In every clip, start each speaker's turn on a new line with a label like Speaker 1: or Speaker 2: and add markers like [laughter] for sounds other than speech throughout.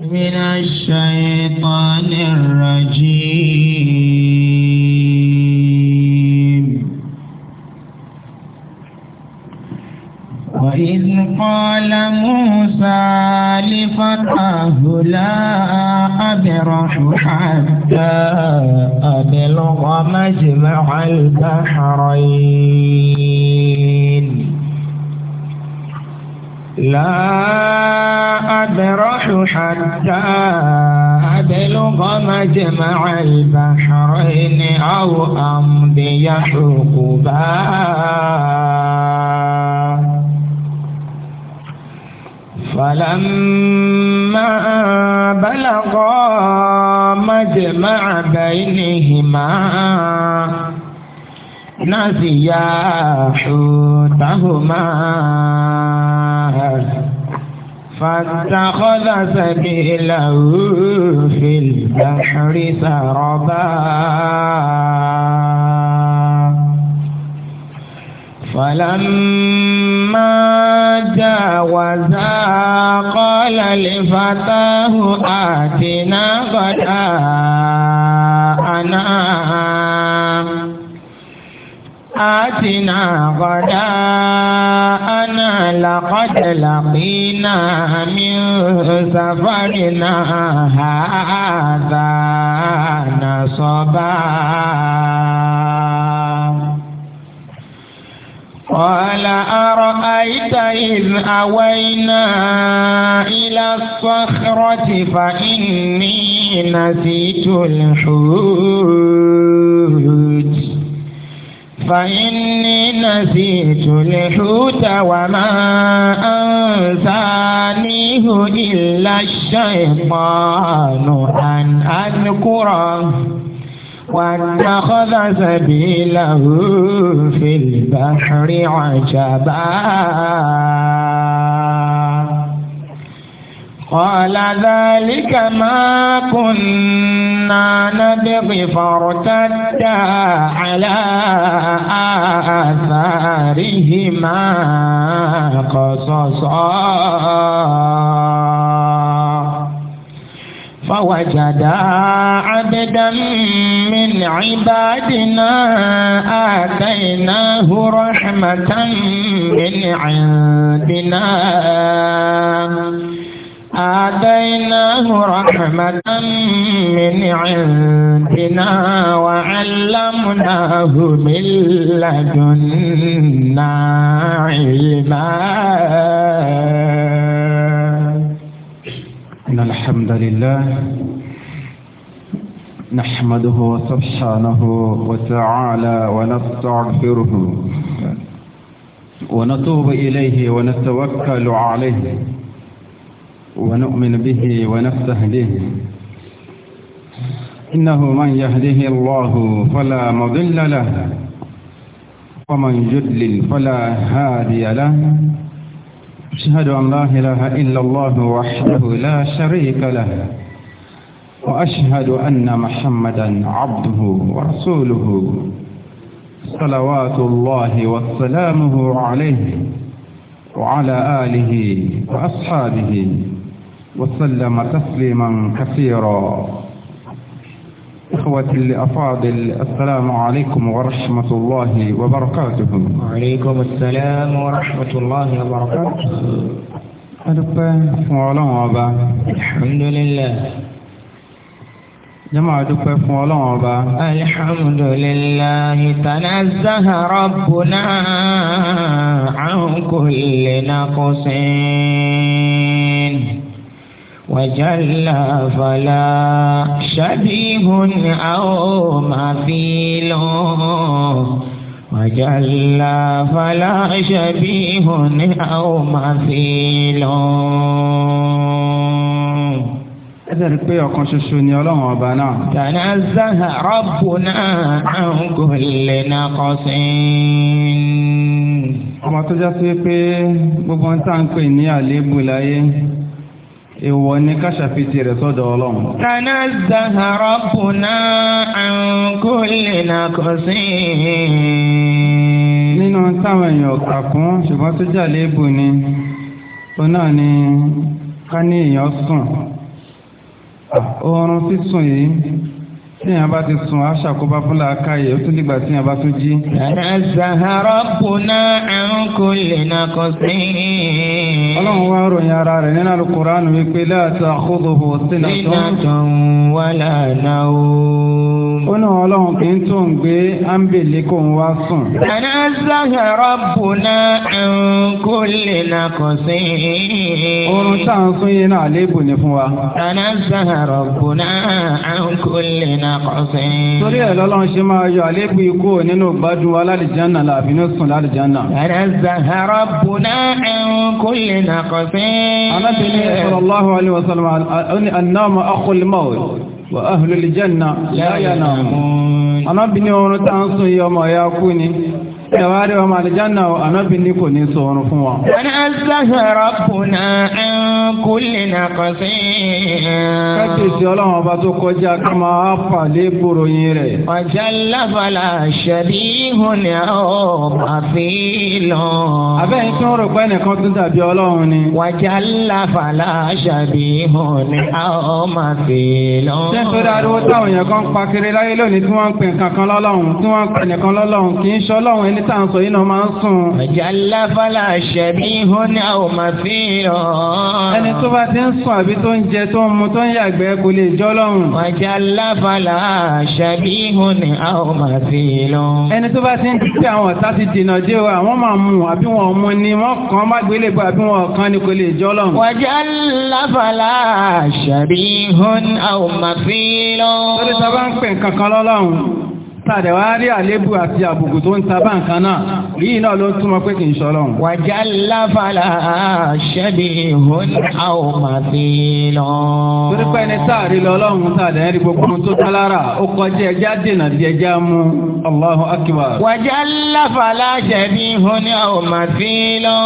Speaker 1: من الشيطان الرجيم
Speaker 2: وإذ قال موسى لفتاه لا أبرح حتى أبلغ مجمع البحرين لا أبرح حتى أبلغ مجمع البحرين أو أمضي حقبا فلما بلغا مجمع بينهما نسيا حوتهما فاتخذ سبيله في البحر سربا فلما جاوزا قال لفتاه آتنا غداءنا آتنا أنا لقد لقينا من سفرنا هذا نصبا قال أرأيت إذ أوينا إلى الصخرة فإني نسيت الحوت فإني نسيت الحوت وما أنسانيه إلا الشيطان أن أذكره واتخذ سبيله في البحر عجبا قال ذلك ما كنا نبغي فارتدا على آثارهما قصصا فوجدا عبدا من عبادنا آتيناه رحمة من عندنا آتيناه رحمة من عندنا وعلمناه من لدنا علما إن الحمد لله نحمده سبحانه وتعالى ونستغفره ونتوب إليه ونتوكل عليه ونؤمن به ونفتح به إنه من يهده الله فلا مضل له ومن جدل فلا هادي له أشهد أن لا إله إلا الله وحده لا شريك له وأشهد أن محمدا عبده ورسوله صلوات الله وسلامه عليه وعلى آله وأصحابه وسلم تسليما كثيرا إخوتي الأفاضل السلام عليكم ورحمة الله وبركاته وعليكم السلام ورحمة الله وبركاته أدبا وعلم الحمد لله جماعة دفع فولان الحمد لله تنزه ربنا عن كل نقصين وجل فلا شبيه أو مثيل وجل فلا شبيه أو مثيل ẹ̀dẹ̀rí pé ọ̀kan ṣoṣo ni ọlọ́run ọba náà. tànà zaha rọ́bù náà àǹkó lè na kọ́ sí i. ọmọ tó já pé gbogbo ń tà ń pè ní àléébù láyé. Ìwọ ni ká
Speaker 1: ṣàfihàn rẹ̀ sọ́dọ̀ Ọlọ́run.
Speaker 2: Tànà Zahara Bùnà Àǹkó ìlànà kò sí. Nínú táwọn èèyàn kà kún ṣùgbọ́n tó jàlé bù ni, òun náà ni ká ní èèyàn sùn. Ah, oorun sísùn yìí tí yẹn bá ti sùn aṣàkóbá fún làákàyè ó tún nígbà tí yẹn bá tún jí. ṣàhárọ̀ bùnà àrùn kò lè nà kó sí. ọlọ́run wá ròyìn ara rẹ̀ nínú alukóránù wípé láti àkóbòbò sílẹ̀ tó. nínú àtàn wà lànà ó ní ọlọ́run kì í tó gbé ámbèlé kó ń wá sùn.
Speaker 1: ṣàhárọ̀
Speaker 2: bùnà àrùn
Speaker 1: kò lè nà kó sí. oorun tá à ń sún yín náà lébùn ní fún wa. ṣàhárọ̀ bùnà àrùn kò lè nà نقص torí ẹ̀ lọ́lọ́run ṣe máa yọ àléébù ikú nínú gbádùn alálìjánà làbínú sùn lálìjánà. Àrẹ́zàhà rabbuna an kulli naqsin. Alábìnrin sallallahu alaihi wa sallam annáma akhul maut wa ahlul janna la yanamun. Alábìnrin oorun tá à ń sùn yọ ọmọ kú ni ẹ̀wà rẹ̀ ọmọ àlìjánà ànábì ní kò ní sọ ọrùn fún wa.
Speaker 2: wọ́n á sáfẹ̀rọ̀ kùnà kú lìnà kan sí. kábíyèsí
Speaker 1: ọlọ́run ọba tó kọjá ká máa pàlẹ́ gbòròyìn rẹ̀. ọjà lábala ṣẹ̀bí ihun ni ọba fi lọ. abẹ́yìn tí wọ́n rò pé ẹnìkan tún dàbí ọlọ́run ni. wàjà lábala ṣẹ̀bí ihun ni
Speaker 2: ọba fi lọ. ṣé ń sọ́dọ̀ ariwo táwọn èèyàn
Speaker 1: kan pa kiri láyé lónìí ẹni tá à ń sọ yìí náà máa ń sùn. àjàlá fàlà ṣẹ̀bí ihò ní àwọn máa fi hàn. ẹni tó bá ti ń sùn àbí tó ń jẹ tó ń mu tó ń yàgbẹ́ kò lè jọ́ lọ́rùn. àjàlá fàlà ṣẹ̀bí ihò ní àwọn máa fi hàn. ẹni tó bá ti ń títí àwọn ọ̀tá ti dènà jẹ́ o àwọn máa mú àbí wọn mú ni wọ́n kàn má gbélé gbọ́ àbí wọn kàn ni kò lè jọ́ lọ́rùn. àjàlá fàlà ṣẹ̀bí ihò ní àwọn tàdẹ̀ wá rí àlébù àti àbùkù tó ń ta bá náà yìí náà ló túnmọ̀ pé kì í ṣọlọ́run. wàjà láfàlà ṣẹ́bi ìhón àwọn màbílọ. torí pé ẹni táàrí lọ́lọ́run tàdẹ̀ ń rí gbogbo ohun tó tán ó kọjá ẹja dènà di ẹja mú Allahu akbar. wàjà láfàlà ṣẹ́bi ìhón àwọn màbílọ.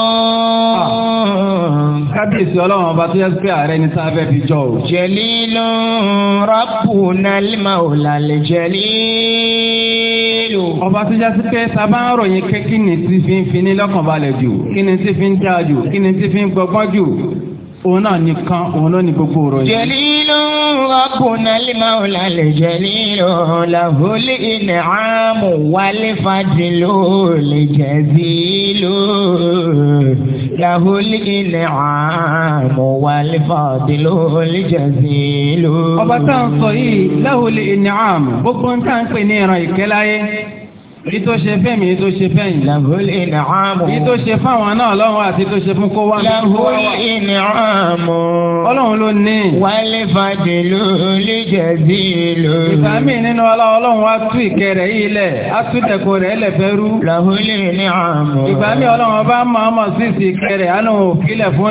Speaker 1: kábíyèsí ọlọ́run ọba tó yẹ pé ààrẹ ní sáfẹ́ fi jọ o. jẹ̀lí ló ń rọ́pù náà lè eléyìí o. ọba tó jásí pé sábà ń ròyìn kí ni tí fi ń fini lọ́kànbalẹ̀ jù kí ni tí fi ń dáa jù kí ni tí fi ń gbọgbọ́n jù òun náà nìkan òun ló ní gbogbo ọ̀rọ̀ yìí. jẹ̀lílò ọkùnrin alimawula lè jẹ̀lílò làhùlì ìnìhàmù wálé fàdìlò lè jẹ̀bílò làhùlì ìnìhàmù wálé fàdìlò lè jẹ̀bílò. ọba tá à ń sọ yìí láhùlì ìnìhàmù gbogbo ń tà ń pè ní ìran ìkẹ́láyé. Bí tó ṣe fẹ́ mi, tó ṣe fẹ́ yìí. Lahul in'amu. Bí tó ṣe fáwọn náà lọ́wọ́ àti tó ṣe fún kó wá. Lahul in'amu. Ọlọ́run ló ní. Wal fadlu li jazilu. Ìsàmì nínú ọlá ọlọ́run wá tú ìkẹ́ yìí lẹ̀, á tú dẹ̀kọ̀ rẹ̀ lẹ̀ fẹ́ rú. Lahul Ìsàmì ọlọ́run bá máa mọ̀ sí ìsì ìkẹ́ rẹ̀, àánú òkílẹ̀ fún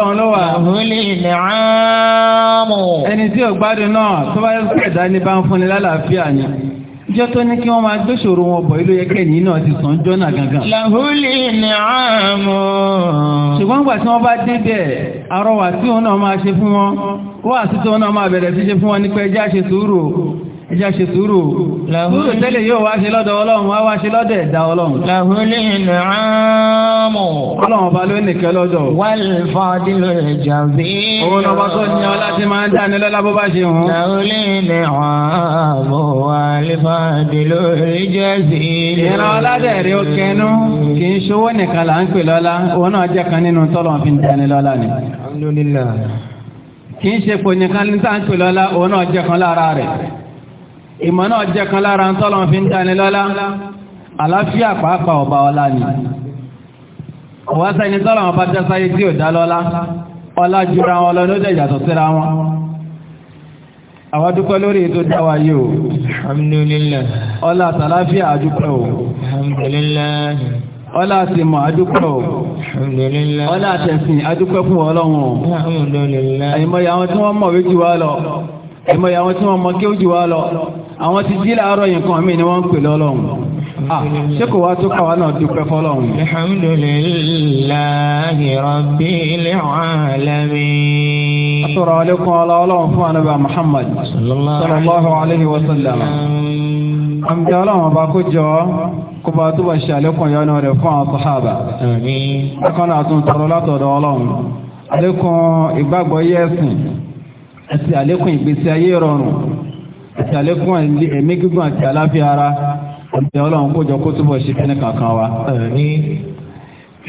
Speaker 1: ọlọ́run ló wà. Òhúlì ilẹ̀ ààmù. Ẹni tí ò gbádùn náà tó bá yẹ kí ẹ̀dá ní bá ń fúnni lálàáfíà ni. Ìjọ tó ní kí wọ́n máa gbéṣòro wọn bọ̀ ilé yẹkẹ́ ní náà ti sàn jọ́nà gangan. Làhúlì ilẹ̀ ààmù. Ṣùgbọ́n nígbà tí wọ́n bá débẹ̀, àrọwà tí òun náà máa ṣe fún wọn, wọ́n àtúntò òun náà máa bẹ̀rẹ̀ sí ṣe fún wọn nípa ẹjẹ́ àṣetúrò ìjọ ṣe sùúrù sùúrù tẹ́lẹ̀ yóò wá ṣe lọ́dọ̀ ọlọ́run wá wá ṣe lọ́dọ̀ ẹ̀dá ọlọ́run. làhùlì nàámù. ọlọ́run ọba ló nìkẹ́ lọ́dọ̀. wàlfàdìlù ìjàmbí. òun ọba tó ní ọlá ti máa ń dání lọ́lá bó bá ṣe hàn. làhùlì nàámù wàlfàdìlù ìjàmbí. ìran ọládẹ rẹ ó kẹnu kì í ṣowó nìkan là ń pè lọ́lá òun náà jẹ́ kan nínú tọ́lọ́ kì í ṣe pò nìkan ní sáà ń pè lọ́lá òun náà jẹ́ kan lára rẹ̀ ìmọ̀ náà jẹ́ kan lára ń tọ́lọ̀ fi ń dáni lọ́lá àláfíà pàápàá ọba ọlá ni ọwá sẹ́ni tọ́lọ̀ ọba jẹ́sáyé tí ò dá lọ́lá ọlá jura wọn lọ lóde ìyàtọ̀ síra wọn àwọn dúpẹ́ lórí ètò dáwà yìí alhamdulillah ọlá àtàláfíà àdúpẹ́ o alhamdulillah ọlá àti mọ̀ àdúpẹ́ o alhamdulillah ọlá àtẹ̀sìn àdúpẹ́ fún ọlọ́run alhamdulillah àwọn ti jí láàárọ̀ yìí kan mí ni wọ́n ń pè lọ́lọ́run ṣé kò wá tó káwa náà dúpẹ́ fọ́lọ́run. alhamdulillahi rabbil
Speaker 2: alamin. asọ̀rọ̀ alẹ́kùn ọlọ́run fún anábà muhammad sallallahu alayhi wa sallam. àmì ọlọ́run ọba kó jọ
Speaker 1: kó bá tó bá ṣe alẹ́kùn yọnu rẹ̀ fún àwọn sàhábà. ẹ̀kọ́ náà tún tọrọ látọ̀dọ̀ ọlọ́run. alẹ́kùn ìgbàgbọ́ yẹ́sìn àti alẹ́kùn ìgbésí ayé rọrùn àti àlékún ẹ̀mí gígùn àti àlàáfíà ara àti ọlọ́run kójọ kó túbọ̀ ṣe kíní kankan wa.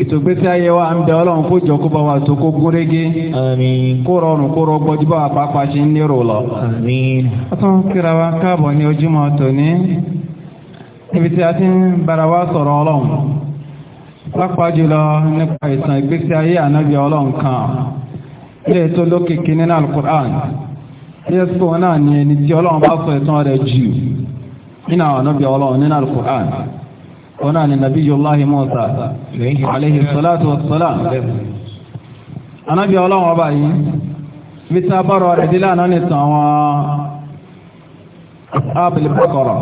Speaker 1: ìtògbésí ayé wa ń bẹ ọlọ́run kójọ kó bá wa tó kó gúnrégé kó rọrùn kó rọgbọ jù bá wa pàápàá ṣe ń lérò lọ. a tún kíra wa káàbọ̀ ní ojúmọ́ tòní níbi tí a ti ń bára wa sọ̀rọ̀ ọlọ́run pàápàá jùlọ nípa ìtàn ìgbésí ayé ànábì ọlọ́run kan ilé tó lókè kíní náà Jésù náà ni ẹni tí ọlọ́run bá sọ ẹ̀tàn rẹ̀ jù nínú àwọn ọ̀nàbí ọlọ́run nínú alukur'an wọn náà ni Nabiyullahi Musa alayhi salatu wa salam ọ̀nàbí ọlọ́run ọba yìí bí tá a bọ̀rọ̀ rẹ̀ dílé àná nìtàn àwọn abul Baqara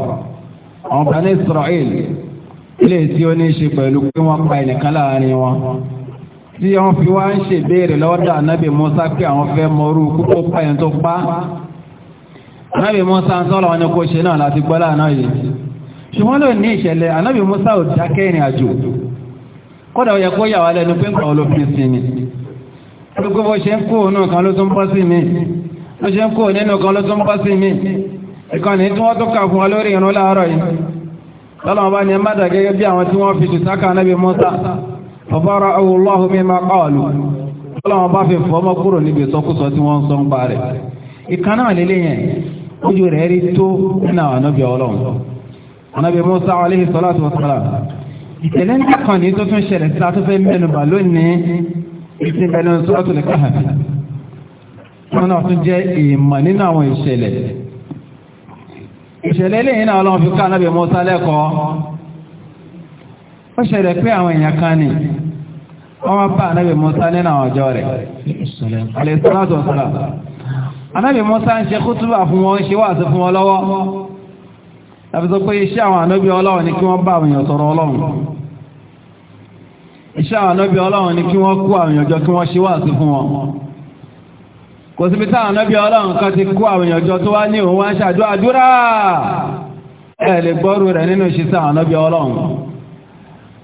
Speaker 1: àwọn Bani Israel ilé tí ó ní ṣe pẹ̀lú pé wọ́n pa ẹnìkan wọn. tí wọ́n fi wá ń ṣe ìbéèrè lọ́dọ̀ ànábì Musa pé àwọn fẹ́ mọ́rú púpọ̀ pààyàn tó pa ànábì Musa ń sọ́lọ̀ wọn ni kò ṣe náà láti gbọ́lá náà yìí ṣùgbọ́n ló ní ìṣẹ̀lẹ̀ ànábì Musa ò dákẹ́ ìrìn àjò kódà ó yẹ kó yà wá lẹ́nu pé nǹkan olófin sí ni gbogbo bó ṣe ń kó òun kan ló tún bọ́ sí mi ló ṣe ń kó nínú kan ló tún فبرأه الله مما قالوا ọlọ́wọ́n bá fi fọmọ kúrò níbi ìsọkúsọ tí wọ́n ń sọ ń pa rẹ̀ ìkan náà lélẹ̀ yẹn ojú rẹ̀ rí tó nínú àwọn anábì ọlọ́run anábì Musa aleyhi salatu wasalam ìtẹ̀lẹ́ ní kan ní tó tún ṣẹlẹ̀ sí atúfẹ́ mẹ́nuba lónìí ìsìnbẹ̀lẹ̀ ó ṣẹlẹ̀ pé àwọn èèyàn kan ni wọ́n máa bá anábì musa nínú àwọn ọjọ́ rẹ̀ alẹ́sọ́láàtọ̀ sọ́lá anábì musa ń ṣe kútùbà fún wọn ṣe wàásù fún wọn lọ́wọ́ tàbísọ pé iṣẹ́ àwọn anábì ọlọ́run ni kí wọ́n bá àwọn èèyàn sọ̀rọ̀ ọlọ́run iṣẹ́ àwọn anábì ọlọ́run ni kí wọ́n kó àwọn èèyàn jọ kí wọ́n ṣe wàásù fún wọn kò síbi táwọn anábì ọlọ́run kan ti kó àwọn èèyàn jọ tó wá ní òun wá ń ṣàdúrà ẹ̀ lè gbọ́rù rẹ̀ nínú ìṣiṣẹ́ àwọn anábì ọlọ́run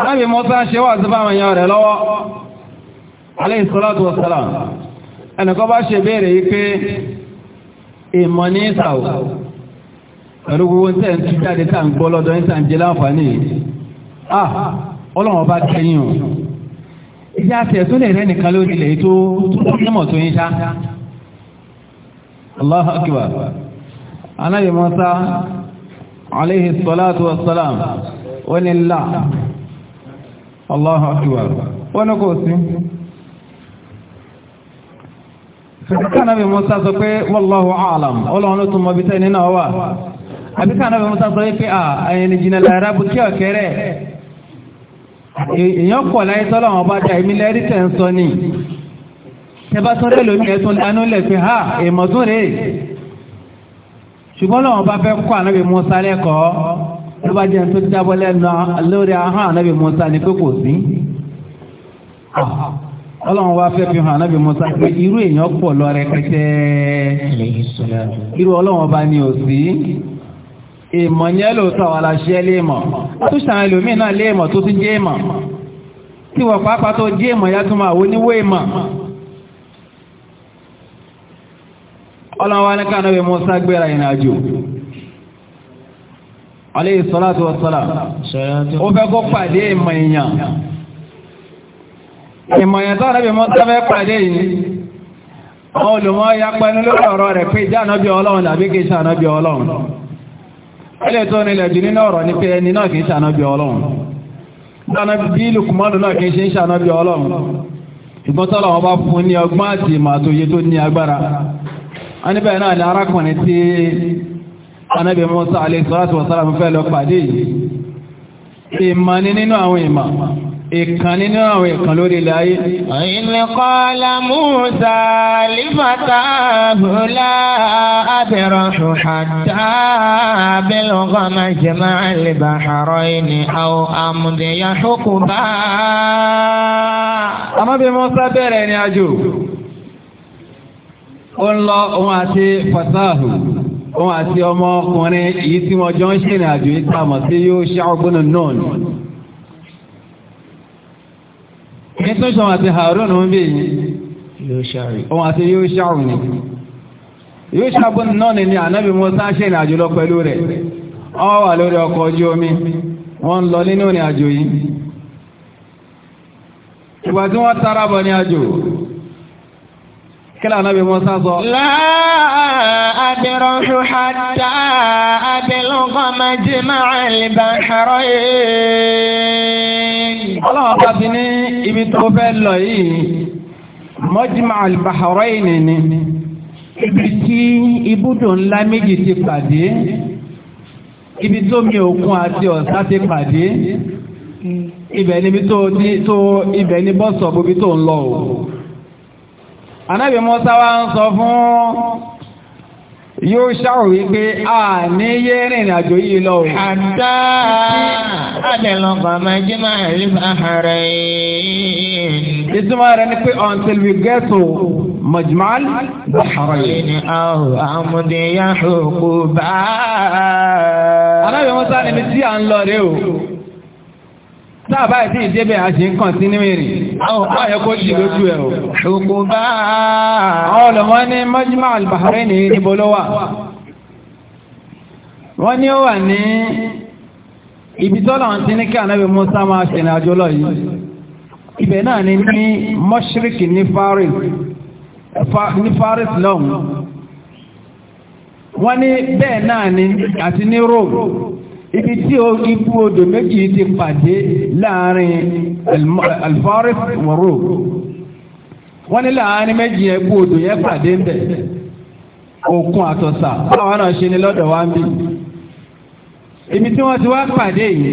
Speaker 1: Ànábì Mùsá ṣe wà sí báwọn èèyàn rẹ̀ lọ́wọ́, alayhi salatu wa salam. Ẹnìkan bá ṣe béèrè yí pé ìmọ̀ ní ìsàwò, pẹ̀lú gbogbo ń tẹ́ ń tú jáde tá ń gbọ́ lọ́dọ̀ ń tàn jẹ́ láǹfààní. Ah, ọlọ́wọ́ bá kẹ́yìn o. Ìyá àti ẹ̀tún
Speaker 2: wọ́n ni láà. Allahu akbar wọ́n ní kò sí.
Speaker 1: Kánà bí Musa sọ pé wallahu a'lam ọlọ́run ló tún mọ bí sẹ́ni náà wà. Àbí kánà bí Musa sọ pé à ẹ̀yìn ìjìnà lára bu kí ọ̀kẹ́rẹ́. Èèyàn pọ̀ láyé tọ́lọ̀ àwọn ọba dá èmi lẹ́rí tẹ̀ ń sọ ni. Tẹ́bá tún rẹ̀ lómi ẹ̀sùn dánú lẹ̀ pé ha èèmọ̀ tún rèé. Ṣùgbọ́n lọ́wọ́n bá fẹ́ kọ́ àná Musa lẹ́kọ̀ọ́ tó bá jẹ́ tó dábọ́ lẹ́nu lórí ahọ́n ànábì Musa ni pé kò sí ah, ọlọ́run wá fẹ́ fi hàn ànábì Musa pé irú èèyàn pọ̀ lọ rẹpẹtẹ irú ọlọ́run ọba ni ò sí ìmọ̀ ni ẹ lóòótọ́ wà láṣẹ́ léèmọ̀ tó ṣàn ẹlòmíì náà léèmọ̀ tó ti jẹ́ èèmọ̀ tí wọ́n pàápàá tó jẹ́ èèmọ̀ yá tó máa wo níwó èèmọ̀ ọlọ́run wá ní káànábì Musa gbéra ìrìn àjò aleyhi salatu wa salam ó fẹ́ kó pàdé ìmọ̀ èèyàn ìmọ̀ èèyàn tó rẹ̀ mọ́ sáfẹ́ pàdé yìí àwọn olùmọ̀ ya pẹ́nu lórí ọ̀rọ̀ rẹ̀ pé ìjà ànábì ọlọ́run tàbí kì í ṣe ànábì ọlọ́run ilé tó nílẹ̀ jù nínú ọ̀rọ̀ ní pé ẹni náà kì í ṣe ànábì ọlọ́run dáná bí lukumanu náà kì í ṣe ń ṣe ànábì ọlọ́run ìgbọ́n tọ́lọ̀ wọn bá fún ní ọgbọ́n àti ìmọ̀ àtòye tó ní agbára a níbẹ̀ náà ni arákùnrin tí anábì Musa alẹ́sọ́láti wọ̀sára fún fẹ́ lọ pàdé yìí ìmọ̀ ni nínú àwọn ìmọ̀ ìkan nínú àwọn ìkan lórí ilẹ̀ ayé. ìní kọ́lá Musa
Speaker 2: lífàtà hùlá abẹ́rọ̀ ṣùhàtà abẹ́lọ́gọ́ máa jẹ máa lè bá àrọ́ ìní àwọn amúdẹ̀yà ṣókù
Speaker 1: bá. anábì Musa bẹ̀rẹ̀ ìrìn àjò ó ń lọ òun àti fasahu òun àti ọmọkùnrin yìí tí wọ́n jọ ń ṣìrìn àjò ìtàmọ̀ sí yóò ṣàgbónà náà ni ní tó ṣọ́wọ́n àti Harun ń bí òun àti yóò ṣàrùn ni yóò ṣàgbónà náà ni ni ànábì Mùsá ṣìrìn àjò lọ pẹ̀lú rẹ̀ wọ́n wà lórí ọkọ̀ ojú omi wọ́n ń lọ nínú ìrìn àjò yìí ìgbà tí wọ́n tara bọ̀ ní àjò kílá anábì Musa sọ.
Speaker 2: láàbìrọ̀
Speaker 1: ṣùhàdá
Speaker 2: àbílùkọ́ mẹ́jìmá ìbáṣọ̀rọ̀ yìí. ọlọ́wọ́ bá ti ní ibi tó fẹ́ lọ yìí mọ́jìmá ìbáṣọ̀rọ̀
Speaker 1: yìí nìní ibi tí ibùdó ńlá méjì ti pàdé ibi tó mi òkun àti ọ̀sá ti pàdé ibẹ̀ níbi tó ibẹ̀ ní bọ́sọ̀ bóbi tó ń lọ o anábì Mùsá wá ń sọ fún yóò ṣàrò wípé a ní yé rìnrìn àjò yìí lọ o. àtà àdẹ̀lọ́gbà méjì máa rí bàárẹ̀ yìí. ìtumọ̀ rẹ̀ ni pé until we get to majmal bahrain. àmúdé yàtọ̀ kò bá. anábì Mùsá ni tí à ń lọ rẹ o. Táàbá ìdí ìdébẹ̀ àṣì ń kàn sí ní mìírìn, àwọn ọ̀pá ẹ̀kọ́ jì lójú ẹ̀ o. Ṣùgbò bá ọlọ́mọ ní Mọ́jímà al-Bahrain ní níbo ló wà. Wọ́n ní ó wà ní ibi tọ́lọ̀ ti ní kí ànábì Musa máa ni ní Mọ́ṣíríkì ní Faris, ní Faris ibi tí ó ibú odò méjì ti pàdé láàrin alfaris wọ̀rọ̀ wọ́n ní láàrin méjì ẹgbú odò yẹ pàdé ń bẹ̀ òkun àtọ̀sà báwọn náà ṣe ní lọ́dọ̀ wá ń bí ibi tí wọ́n ti wá pàdé yìí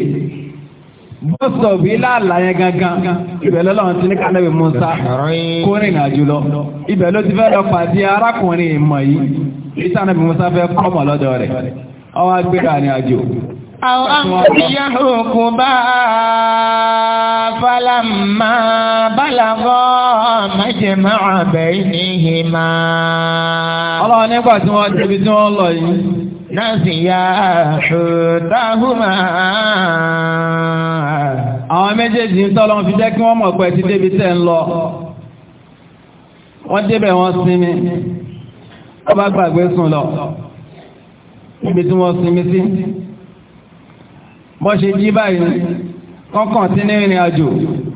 Speaker 1: bọ́sọ̀ bí láàlàyé gangan ibẹ̀ lọ́lọ́run ti ní kánẹ́bì Musa kórìnà jùlọ ibẹ̀ ló ti fẹ́ lọ pàdé arákùnrin ìmọ̀ yìí ìtànàbì Musa fẹ́ kọ́mọ̀ lọ́dọ̀ rẹ̀ ọwọ́ agbéra ní àjò àwọn àmìyàwó kò bá fàlàmà bálàgọ́ májèmá àbẹ̀ ìníhìmá. ọlọ́run nígbà tí wọ́n débi tí wọ́n lọ yìí. náà sì yá ṣùtáhùmá. àwọn méjèèjì ń tọ́lọ́ fi jẹ́ kí wọ́n mọ̀ pé ti débi tẹ́ ń lọ. wọ́n débẹ̀ wọ́n sinmi. wọ́n bá gbàgbé sùn lọ. níbi tí wọ́n sinmi sí bọ́ ṣe jí báyìí kọ́kàn tí ní ìrìn àjò.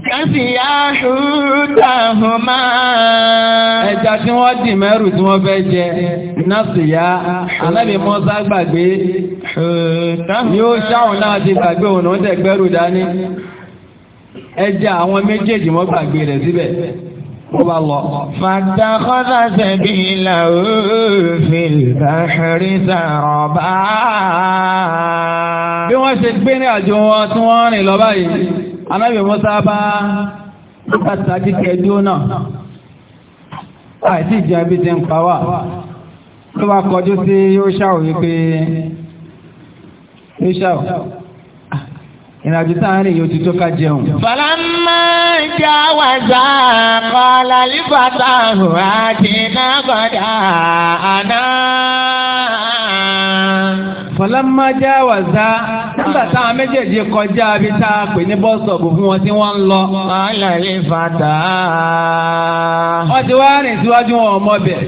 Speaker 1: Kẹ́sì yáṣúta hùn máa. Ẹja tí wọ́n dì mẹ́rù tí wọ́n fẹ́ jẹ, nọ́ọ̀sì yá, alábì Mọ́sá gbàgbé. Yóò ṣáhùn náà ti gbàgbé òun náà tẹ̀gbẹ́rù dání. Ẹja àwọn méjèèjì wọ́n gbàgbé rẹ̀ síbẹ̀ ó bá lọ. fàtàkọ́tà sẹ́bí ilà òfin bàṣírí sàrọ̀ bá. bí wọ́n ṣe gbé ní àjò wọn tí wọ́n rìn lọ báyìí anábì musa bá bàtà kíkẹ́jú náà àìsí ìjọ ibi ti ń pa wá ló bá kọjú sí yóò wípé yóò ìrìnàjò sáárín yóò ti tó ká jẹun.
Speaker 2: Fọlámà já wàzà kọ́lá lífàtà hùwà jìnnà bọ̀dà àná.
Speaker 1: Fọlámà já wàzà nígbà táwọn méjèèjì kọjá bí tá a pè ní bọ́sọ̀bù fún wọn tí wọ́n ń lọ. Kọ́lá lífàtà. Wọ́n ti wá rìn síwájú wọn ọmọbẹ̀.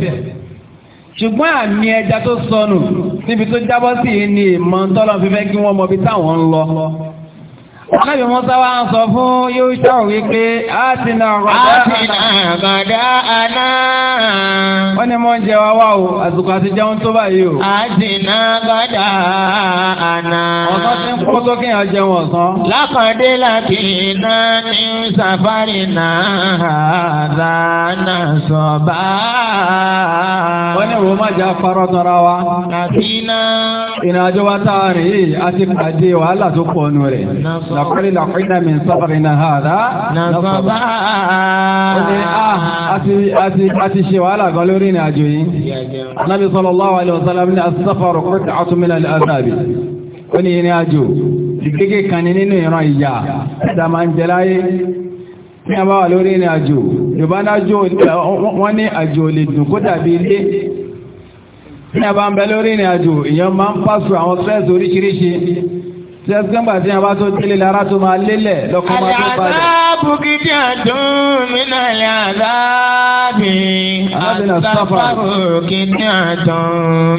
Speaker 1: Ṣùgbọ́n àmì ẹja tó sọnù níbi tó jábọ́ sí ni ìmọ̀ tọ́lọ́ fífẹ́ kí wọ́n mọ bí táwọn ń lọ. Ànábì Musa wá sọ fún Yóṣọ́ wípé, a ti na ọ̀gọ̀dá àná. Wọ́n ní mọ́ ń wa wá o, àsìkò àti jẹun tó báyìí o. A ti na ọ̀gọ̀dá
Speaker 2: àná. Ọ̀sán ti ń kó
Speaker 1: sókè yàn jẹun ọ̀sán. Lákọ̀dé láti iná ní sàfárì náà, àdáná sọ̀bá. Wọ́n ní ìwọ́n má jà parọ́ tọ́ra wa. Nàbí náà. Ìrìnàjò wa táà rèé, pàdé wàhálà tó pọ̀ nù rẹ̀ làkọ́lé làkọ́lé mi sábàrì náà hàdá. nàṣọ́bà. ó ní a ti ṣe wàhálà gan lórí ìrìn àjò yìí. anábì sallallahu alaihi wasallam ní asísàfàrò kọ́tà àtúnmílẹ̀ àdábì. ó ní ìrìn àjò ìgbégé kan ní nínú ìran ìyá ẹ̀dá máa ń jẹ láyé ní a bá wà lórí ìrìn àjò yorùbá lájò wọ́n ní àjò lè dùn kó dàbí ilé ní a bá ń bẹ lórí ìrìn àjò èèyàn máa ń pàṣọ àwọn stress oríṣiríṣi sẹ́gbẹ́mbà tí a bá tó délé lára tó máa lélẹ̀ lọ́kọ́ máa tó balẹ̀.
Speaker 2: àdáàbò gidi àdùn mí náà lè àdáàbì. àdáàbò gidi àdùn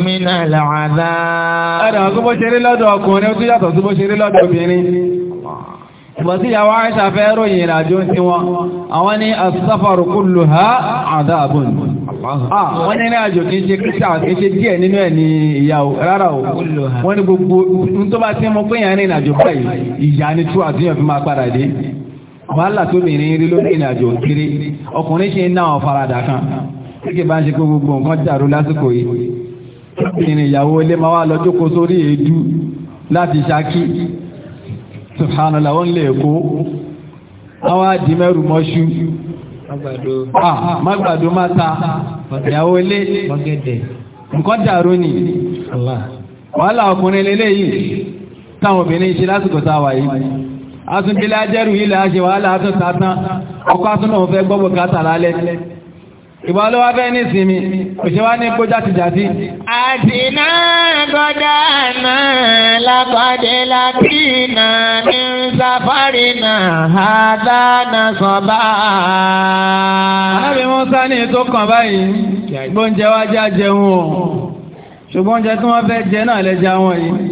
Speaker 2: mí náà lè àdáàbì. ẹ̀dà tó bó
Speaker 1: ṣeré lọ́dọ̀ ọkùnrin ó tún yàtọ̀ tó bó ṣeré lọ́dọ̀ obìnrin. ìgbà tí ìyàwó Àìṣà ròyìn ìrìnàjò tiwọn àwọn ní as-safaru kulluha àdáàbò nù. Ah, wọ́n ní àjò kí n ṣe kírísà kí n ṣe díẹ̀ nínú ẹ̀ ní ìyàwó rárá o wọ́n ní gbogbo n tó bá tí mo pé yàn ní ìrìnàjò báyìí ìyá ni tú àtúnyàn fi máa padà dé wàhálà tó bìnrin rí lórí ìrìnàjò kiri ọkùnrin ṣe ń ná àwọn faradà kan kí bá ń ṣe kó gbogbo nǹkan dàrú lásìkò yìí ìrìn ìyàwó ilé máa wá lọ jókòó sórí èédú láti ṣákí subhanallah wọ́n lè kó àwọn àdìmẹ́rù mọ́ṣú Ah, ah, magbado máa ta ìyàwó ilé ọ̀gẹ̀dẹ̀ nǹkan dàrú ni wàhálà ọkùnrin lélẹ̀ yìí táwọn obìnrin ṣe lásìkò táwà yìí a tún bí lájẹ́rù ilẹ̀ a ṣe wàhálà a tún ta tán ọkọ̀ a tún náà fẹ́ gbọ́gbọ̀ kátà lálẹ́ ìwà ló wá fẹ́ ní ìsinmi òṣèwá ní kó játìjàtì. àdínà gọ́dá náà lápàdé látínà ní safari náà hádá náà sọ̀bá. alábì musa ní tó kàn báyìí gbóúnjẹ wá já jẹun o ṣùgbọ́n tí wọ́n fẹ́ jẹ náà lẹ́jà wọn yìí.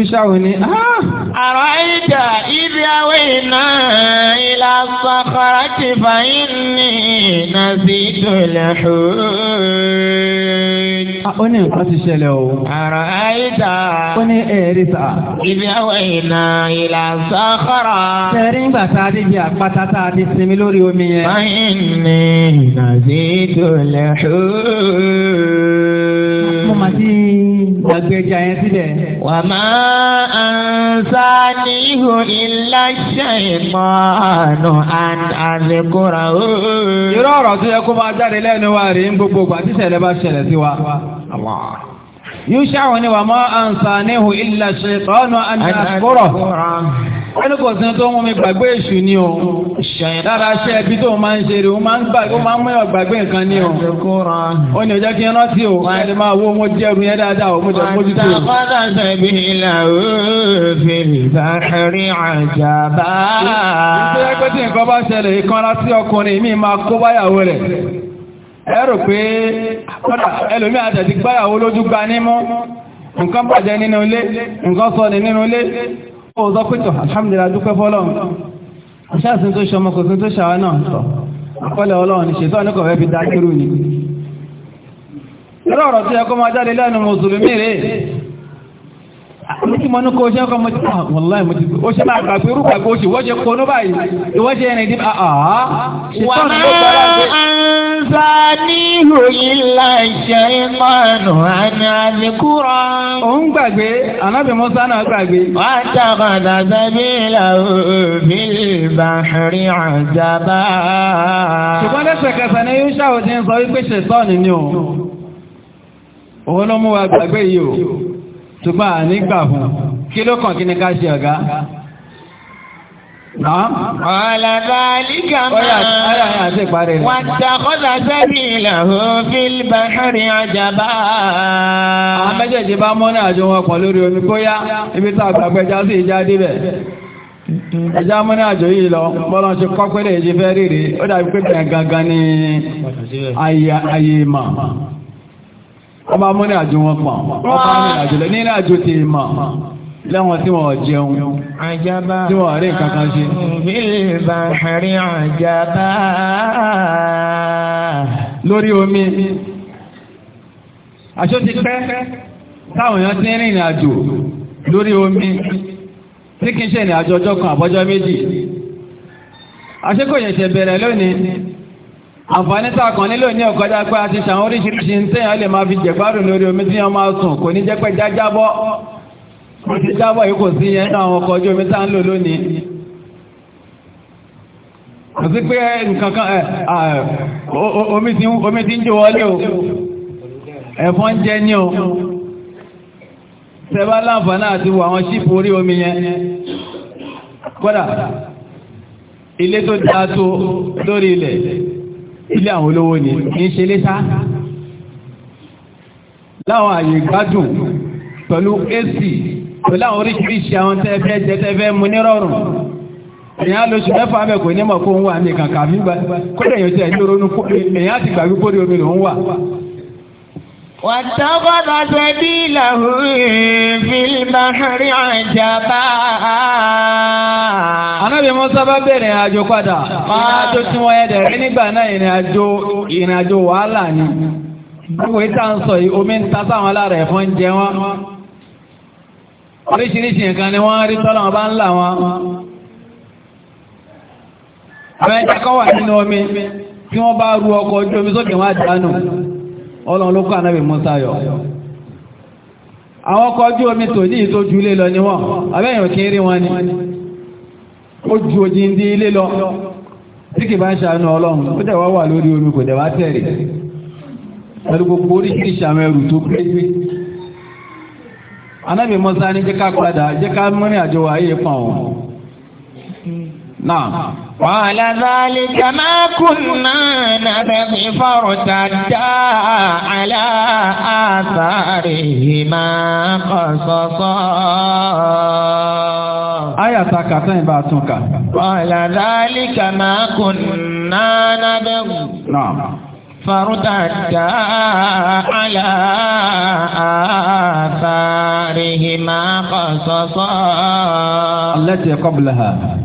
Speaker 1: Ìṣàwò ni, Àrọ̀ ìjà ibi awé náà ilá sọ́kọ́rá ti fàyí ní nàbí ìdòlẹ̀ Ó ní nǹkan ti ṣẹlẹ̀ o. Àrọ̀ àìdá. Ó ní ẹ̀rí sà. Ibi
Speaker 2: awé náà ilá sọ́kọ́rá.
Speaker 1: Tẹ̀rí ń gbà tá a dé bí àpáta tá a dé sinmi lórí omi yẹn. Fàyí ní nàbí ìdòlẹ̀ Mo máa ti gbàgbé ẹja yẹn sílẹ̀. Wà máa. أنسانيه إلا الشيطان أن أذكره irú ọ̀rọ̀ tó yẹ kó máa jáde lẹ́nu wa rí ń gbogbo ìgbà tí ìṣẹ̀lẹ̀ bá ṣẹlẹ̀ sí wa. yóò ṣàwọn ni wàá mọ́ ànsánìhù ìlà ṣètọ́nù àdàkúrọ̀ ẹni kò sí tó ń mú mi gbàgbé èṣù ni o lára aṣẹ́ ẹbí tó máa ń ṣe rè ó máa ń gbàgbé ó máa ń mẹ́wàá gbàgbé nǹkan ni o ó ní ọjọ́ kí n rántí o ẹni máa wó mo jẹ́rù yẹn dáadáa o mo jẹ́ mójú tó o. àtàkọ́dà sẹ́bi ilà òfin ìbárí àjàbá. ìṣe ẹgbẹ́ tí nǹkan bá ṣẹlẹ̀ ìkanra sí ọkùnrin mi máa kó báyàwó rẹ̀ ẹ rò pé ẹlòmíà àtẹ̀tí gbáyàwó lójú gbanímú nǹkan bàjẹ́ nínú ilé nǹkan sọ ó sọ pé tó alhamdulilayi dúpẹ́ fọlọ́run aṣáàsìn tó ṣe ọmọkùnrin tó ṣàwọn náà sọ àkọlẹ̀ ọlọ́run ṣètò ọ̀nà kọ̀ọ̀fẹ́ fi dákírù ni lọ́rọ̀ ọ̀rọ̀ tó yẹ kó máa jáde lẹ́nu mùsùlùmí rẹ̀ Àti mọ́nú kó ṣe ọkọ̀ mọ́tí wọ́láì mọ́tí ó ṣe máa gbàgbé rúgbà kó ṣe wọ́ṣe kó yudillu illa shaytanu an ó ń gbàgbé anábì musa náà gbàgbé. wà á tàkàtà sabilahu fil bahri àjàbá. ṣùgbọ́n lẹ́sẹ̀kẹsẹ̀ ni yóò ṣàwòdì ń sọ wípé ṣètọ́ọ̀nì ni o òun ló mú wa gbàgbé yìí o ṣùgbọ́n àní gbà fún kí ló kàn kí ni Ọ̀la a máa wà dàkọ́dà sẹ́bí ìlàhó fílbà Àwọn méjèèjì bá mọ́ ní àjò wọn pọ̀ lórí omi ibi tá àgbàgbẹ́já sí ìjá débẹ̀ ẹjá mọ́ ní àjò yìí lọ lẹ́wọ̀n tí wọ́n jẹun tí wọ́n rí nǹkan kan ṣe. bílbàárì lórí omi aṣọ ti pẹ́ táwọn èèyàn ti rìnrìn àjò lórí omi tí kì í ṣe ìrìn àjò ọjọ́ kan àbọ́jọ́ méjì aṣẹ́kọ̀ọ́yẹ̀ ṣe bẹ̀rẹ̀ lónìí àǹfààní tá a kàn nílò ní ọ̀kọ́já pé a ti ṣàwọn oríṣiríṣi ń tẹ́yàn lè máa fi jẹ̀gbádùn lórí omi tí wọ́n máa sùn kò ní jẹ́ pẹ́ jájábọ́ mo ti dábọ̀ yìí kò sí yẹn náà àwọn ọkọ̀ ojú omi tá ń lò lónìí kò sí pé nǹkan kan omi ti ń jò wọlé o ẹ̀fọn ń jẹ ní o tẹ́bá láǹfààní àti wọ àwọn ṣípò orí omi yẹn kódà ilé tó dáa tó lórí ilẹ̀ ilé àwọn olówó ni ní ṣe lé sáà láwọn àyè gbádùn pẹ̀lú AC pẹ̀lú àwọn oríṣiríṣi àwọn tẹ́ fẹ́ jẹ tẹ́ fẹ́ mu nírọ̀rùn èèyàn lóṣù mẹ́fà bẹ̀ kò ní mọ̀ kó ń wà ní kàkà mí gbà kódà èèyàn tiẹ̀ ní ronú èèyàn ti gbàgbé kórè omi ló ń wà. واتخذ سبيله في البحر عجبا Ànábì Mùsá bá bẹ̀rẹ̀ àjò padà. Ìrìn àjò tí wọ́n yẹ dẹ̀rẹ́ nígbà náà ìrìn àjò ìrìn àjò wàhálà ni. Gbogbo ìta ń sọ yìí omi ń ta sáwọn alára ẹ̀fọn jẹ wọn oríṣiríṣi nǹkan ni wọ́n rí tọ́lọ̀ bá ń là wọn àwọn ẹja kọ́ wà nínú omi tí wọ́n bá ru ọkọ̀ ojú omi sókè wọ́n àdánù ọlọ́run ló kọ́ ànábì Mùsá yọ àwọn ọkọ̀ ojú omi tò ní ìtójú ilé lọ ni wọ́n abẹ́yàn kí rí wọn ni ó ju òjìndí ilé lọ tí kì bá ń ṣàánú ọlọ́run ó dẹ̀ wá wà lórí omi kò dẹ̀ wá tẹ̀rẹ̀ pẹ̀lú gbogbo oríṣiríṣi àwọn ẹrù tó gbé anábì Mùsá ní jẹ́ká padà jẹ́ká mọ́rin àjò ayé pọ̀n o. Náà. Wàhálà záàlì kàmá kùnà nàbẹ̀bí
Speaker 2: fọ̀rọ̀tà dá àlá àtàrí ìmá kọ̀sọ̀sọ̀.
Speaker 1: Ayà ta kàtà ìbá tún kà. Wàhálà záàlì kàmá kùnà
Speaker 2: nàbẹ̀bí. فارتدا على آثارهما قصصا
Speaker 1: التي قبلها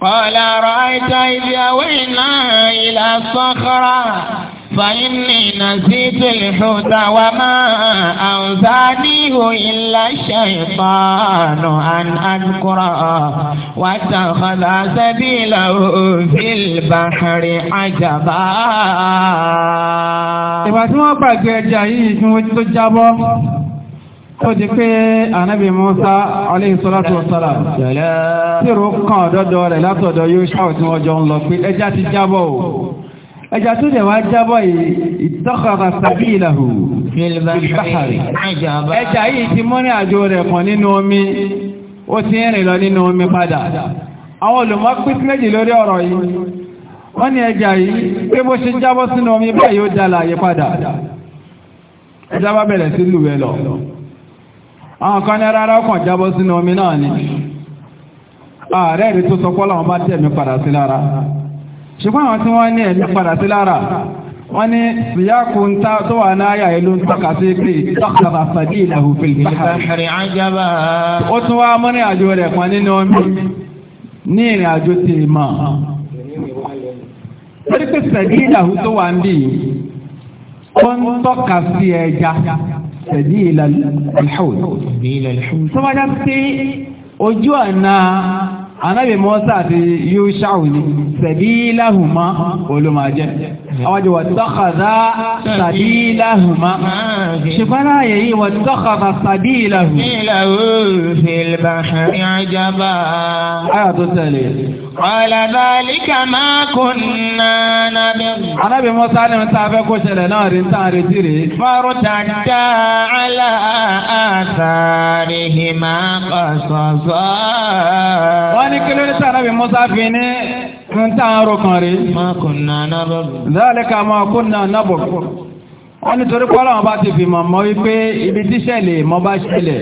Speaker 1: قال رأيت إذ يوينا إلى الصخرة فإني نسيت الحوت وما أنسانيه إلا الشيطان أن أذكره واتخذ سبيله في البحر
Speaker 2: عجبا
Speaker 1: ìgbà tí wọ́n ẹja yìí fún ojú tó jábọ́ ó di pé ànábì Mùsá aléìsọ́látù ọ̀sára tí ó kàn ọ̀dọ́dọ̀ rẹ̀ látọ̀dọ̀ yóò ṣáwọ̀ tí wọ́n jọ ń lọ pé ẹja ti jábọ́ ò ẹja tó dẹ̀ wá jábọ̀ ìtọ́kọ̀ọ̀kọ̀ sàbí ìlàhù ìbáhàrí ẹja yìí ti mọ́ ní àjò rẹ̀ kan nínú omi ó ti rìn lọ nínú omi padà àwọn olùmọ̀ pín sí méjì lórí ọ̀rọ̀ yìí wọ́n ní ẹja yìí pé bó ṣe jábọ́ sínú omi báyìí ó dala yí padà ẹja bẹ̀rẹ̀ sí lùwẹ̀ ṣùgbọ́n àwọn tí wọ́n ní ẹ̀mí padà sí lára wọ́n ní síyáàkù ń ta tó wà náà yà ìlú ń tọ́ka sí pé ìtọ́kàbà fàdí ìlàhù fìlìbáhàrì ajábà ó tún wá mọ́rin àjò rẹ̀ kan nínú omi ní ìrìn àjò ti mọ̀ lórí pé sẹ̀dí ìlàhù tó wà ń bì ó ń tọ́ka sí ẹja sẹ̀dí ìlàlhù tó wájá sí ojú ọ̀nà anábì Mùsá àti Yúṣà ní sẹ̀bí láhùnmá olùmọ̀jẹ́. àwájú wàtọ́kàdá sàbíláhùmá ṣùgbọ́n ààyè yìí wàtọ́kàdá sàbíláhùmá ayà tó tẹ̀lé ọ̀làdàlíkà máa kò náà nàbẹ̀ anábì mọ́sá ní ta fẹ́ kó ṣẹlẹ̀ náà rí tán retí rí fọ́rọ̀tà dá aláàtàrí hìmá pàṣọ́sọ́ wọ́n ní kí lórí tànábì mọ́sá fi ní Ntaaro kan Ma kunna nabọ. Zalika ma kunna nabọ. Wọ́n nítorí kọ́lá wọn bá ti fi mọ̀ mọ́ wípé ibi tíṣẹ̀lẹ̀ mọ́ bá ṣẹlẹ̀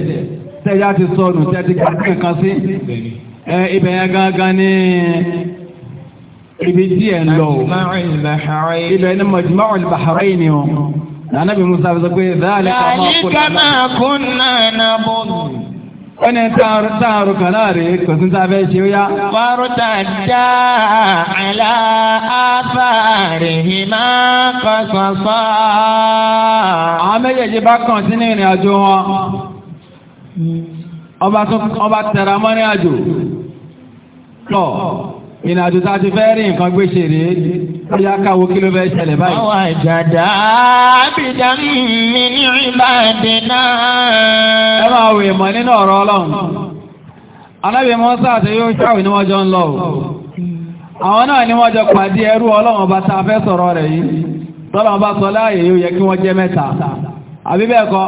Speaker 1: tẹ́já ti sọnù tẹ́tí kankan sí. Ibẹ̀ yẹn gangan ní ibi tí ẹ̀ ń lọ. ni Majma'ul Bahrain ni o. Nànàbí Musa fi sọ Zalika ma kunna nabọ ó ní táàrù kan láàrin kò sí sáfẹ́ ṣe ó yá. fárúta dá àlá àfààrí iná kọsọsọ. àwọn méjèèjì bá kàn sí ní ìrìn àjò wọn ọba tẹ̀ra mọ́ àjò lọ ìrìn àjò tá a ti fẹ́ rí nǹkan gbé ṣe rèé Bóyá káwo kí ló fẹ́ ṣẹlẹ̀ báyìí. Àwọn àjàdá àbìdá mi ní ìbàdí náà. Ẹ máa wè mọ̀ nínú ọ̀rọ̀ Ọlọ́run. Ànábì ọrụ àti yóò ṣàwì ni wọ́n jọ ń lọ. Àwọn náà ni wọ́n jọ pàdé ẹrú Ọlọ́run ọba tá a fẹ́ sọ̀rọ̀ rẹ̀ yìí. sọ yẹ kí wọ́n jẹ́ mẹ́ta. kọ́.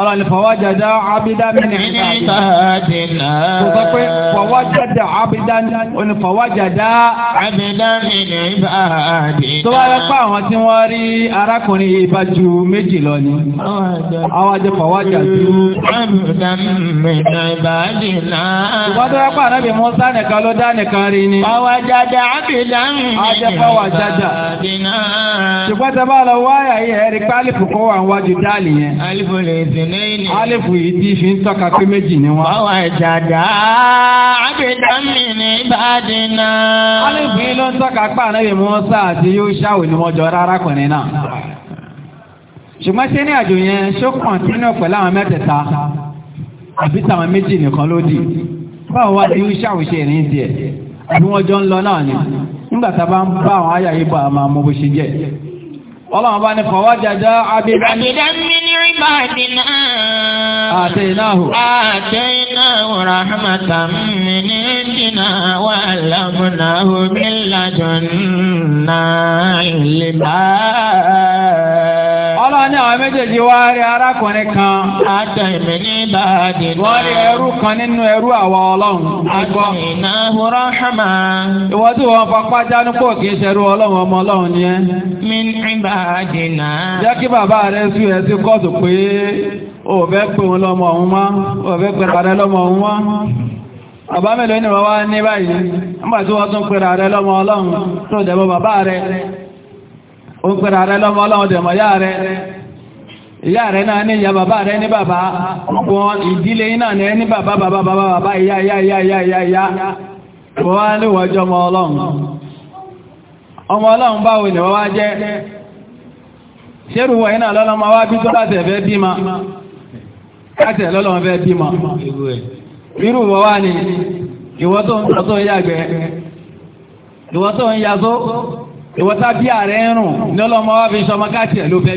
Speaker 1: ọ̀rọ̀ ni fọwọ́jàdá abidá mi ní ìtàdínà. kò sọ pé fọwọ́jàdá abidá ni fọwọ́jàdá. abidá mi ní ìbàdínà. tó bá yẹ pé àwọn tí wọ́n rí arákùnrin yìí bá ju méjì ṣùgbọ́n tẹ bá lọ wáyà yìí ẹ̀rí pálífù kó wà dáàlì yẹn. alif lè ṣe ìsìnlẹ́yìn. alifu yìí tí fi ń tọ́ka pé méjì ni wọ́n. wọ́n ìjàdá àbẹ̀dámì ní ìbádínà. alifu yìí ló ń tọ́ka pé ànábì Mùsá ni naa. jọ rárá kùnrin náà. ṣùgbọ́n ní àjò yẹn ṣó kàn sínú pẹ̀lú àwọn mẹ́tẹ̀ẹ̀ta àbí táwọn méjì nìkan ló wá ń ni a bá ń bá a
Speaker 3: بعدنا
Speaker 1: آتيناه آتيناه رحمة من عندنا وعلمناه من لدنا علما ní àwọn méjèèjì wá rí arákùnrin kan. Àtọ̀ ní báàdì náà. Wọ́n rí ẹrú kan nínú ẹrú àwa ọlọ́run. Àtọ̀ iná hurọ́ ṣàmà. Ìwọ́n tí wọ́n fapá jánu kì í ọlọ́run ọmọ ọlọ́run ni ẹ́. Mi ní náà. Jẹ́ kí bàbá rẹ̀ ẹ sí kóòtù pé o fẹ́ pè wọn lọ́mọ ọ̀hún mọ́, o fẹ́ pè lọ́mọ ọ̀hún mọ́. Bàbá mélòó ni bàbá ní báyìí? Nígbà tí wọ́n tún pèrè ààrẹ lọ́mọ ìyá rẹ náà ní ìyá bàbá rẹ ní bàbá wọn ìdílé iná ní ẹni bàbá bàbá bàbá bàbá ìyá ìyá ìyá ìyá ìyá ìyá wọ́n ní wọ́jọ́ ọmọ ọlọ́run ọmọ ọlọ́run báwo ni wọ́n wá jẹ́ ṣérùwọ̀ iná lọ́lọ́mọ wá bí tó ń tó ààrẹ ń rùn ní ọlọ́mọ wá fi ṣọmọ ló fẹ́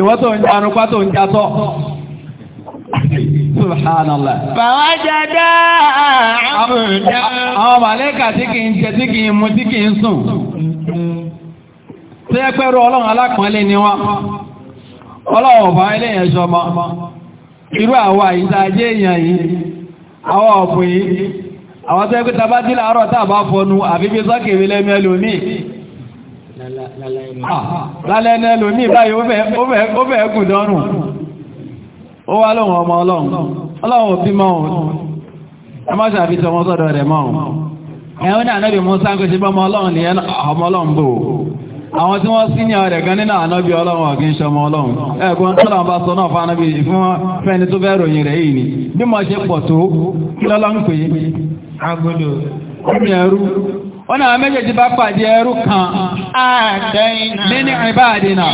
Speaker 1: Ìwọ́ tó ń janupá tó ń jatọ́. Subhanallah. Fàwájádá àmúdá. Àwọn màlẹ́kà tí kì í jẹ tí kì í mu tí kì í sùn. Tí ẹ pẹ́rú ọlọ́run alákùnrin ni wọ́n. Ọlọ́run ọ̀bá eléyẹn ṣọmọ. Irú àwa ìtajé èèyàn yìí, àwa ọ̀pọ̀ yìí, àwọn tó ẹgbẹ́ta bá dílé àárọ̀ tá a bá fọnu àbíbí sọ́kèwé lẹ́mẹ́lòmíì.
Speaker 3: lálẹ́
Speaker 1: ẹni ẹlòmí báyìí ó bẹ̀ẹ́ gùn dọ́rùn ó wá lóhun ọmọ ọlọ́run ọlọ́run ò bí mọ́ òun ẹ má ṣàbí tọmọ sọ́dọ̀ rẹ̀ mọ́ òun ẹ̀hún ní ànábì àwọn tí wọ́n sí ní ọ̀rẹ̀ gan nínú ọlọ́run ṣọmọ ọlọ́run sọ náà fún fẹ́ni tó rẹ̀ yìí ni bí ṣe wọ́n náà méjèèjì bá pàdé ẹrú kan
Speaker 3: nínú ìbáàdínà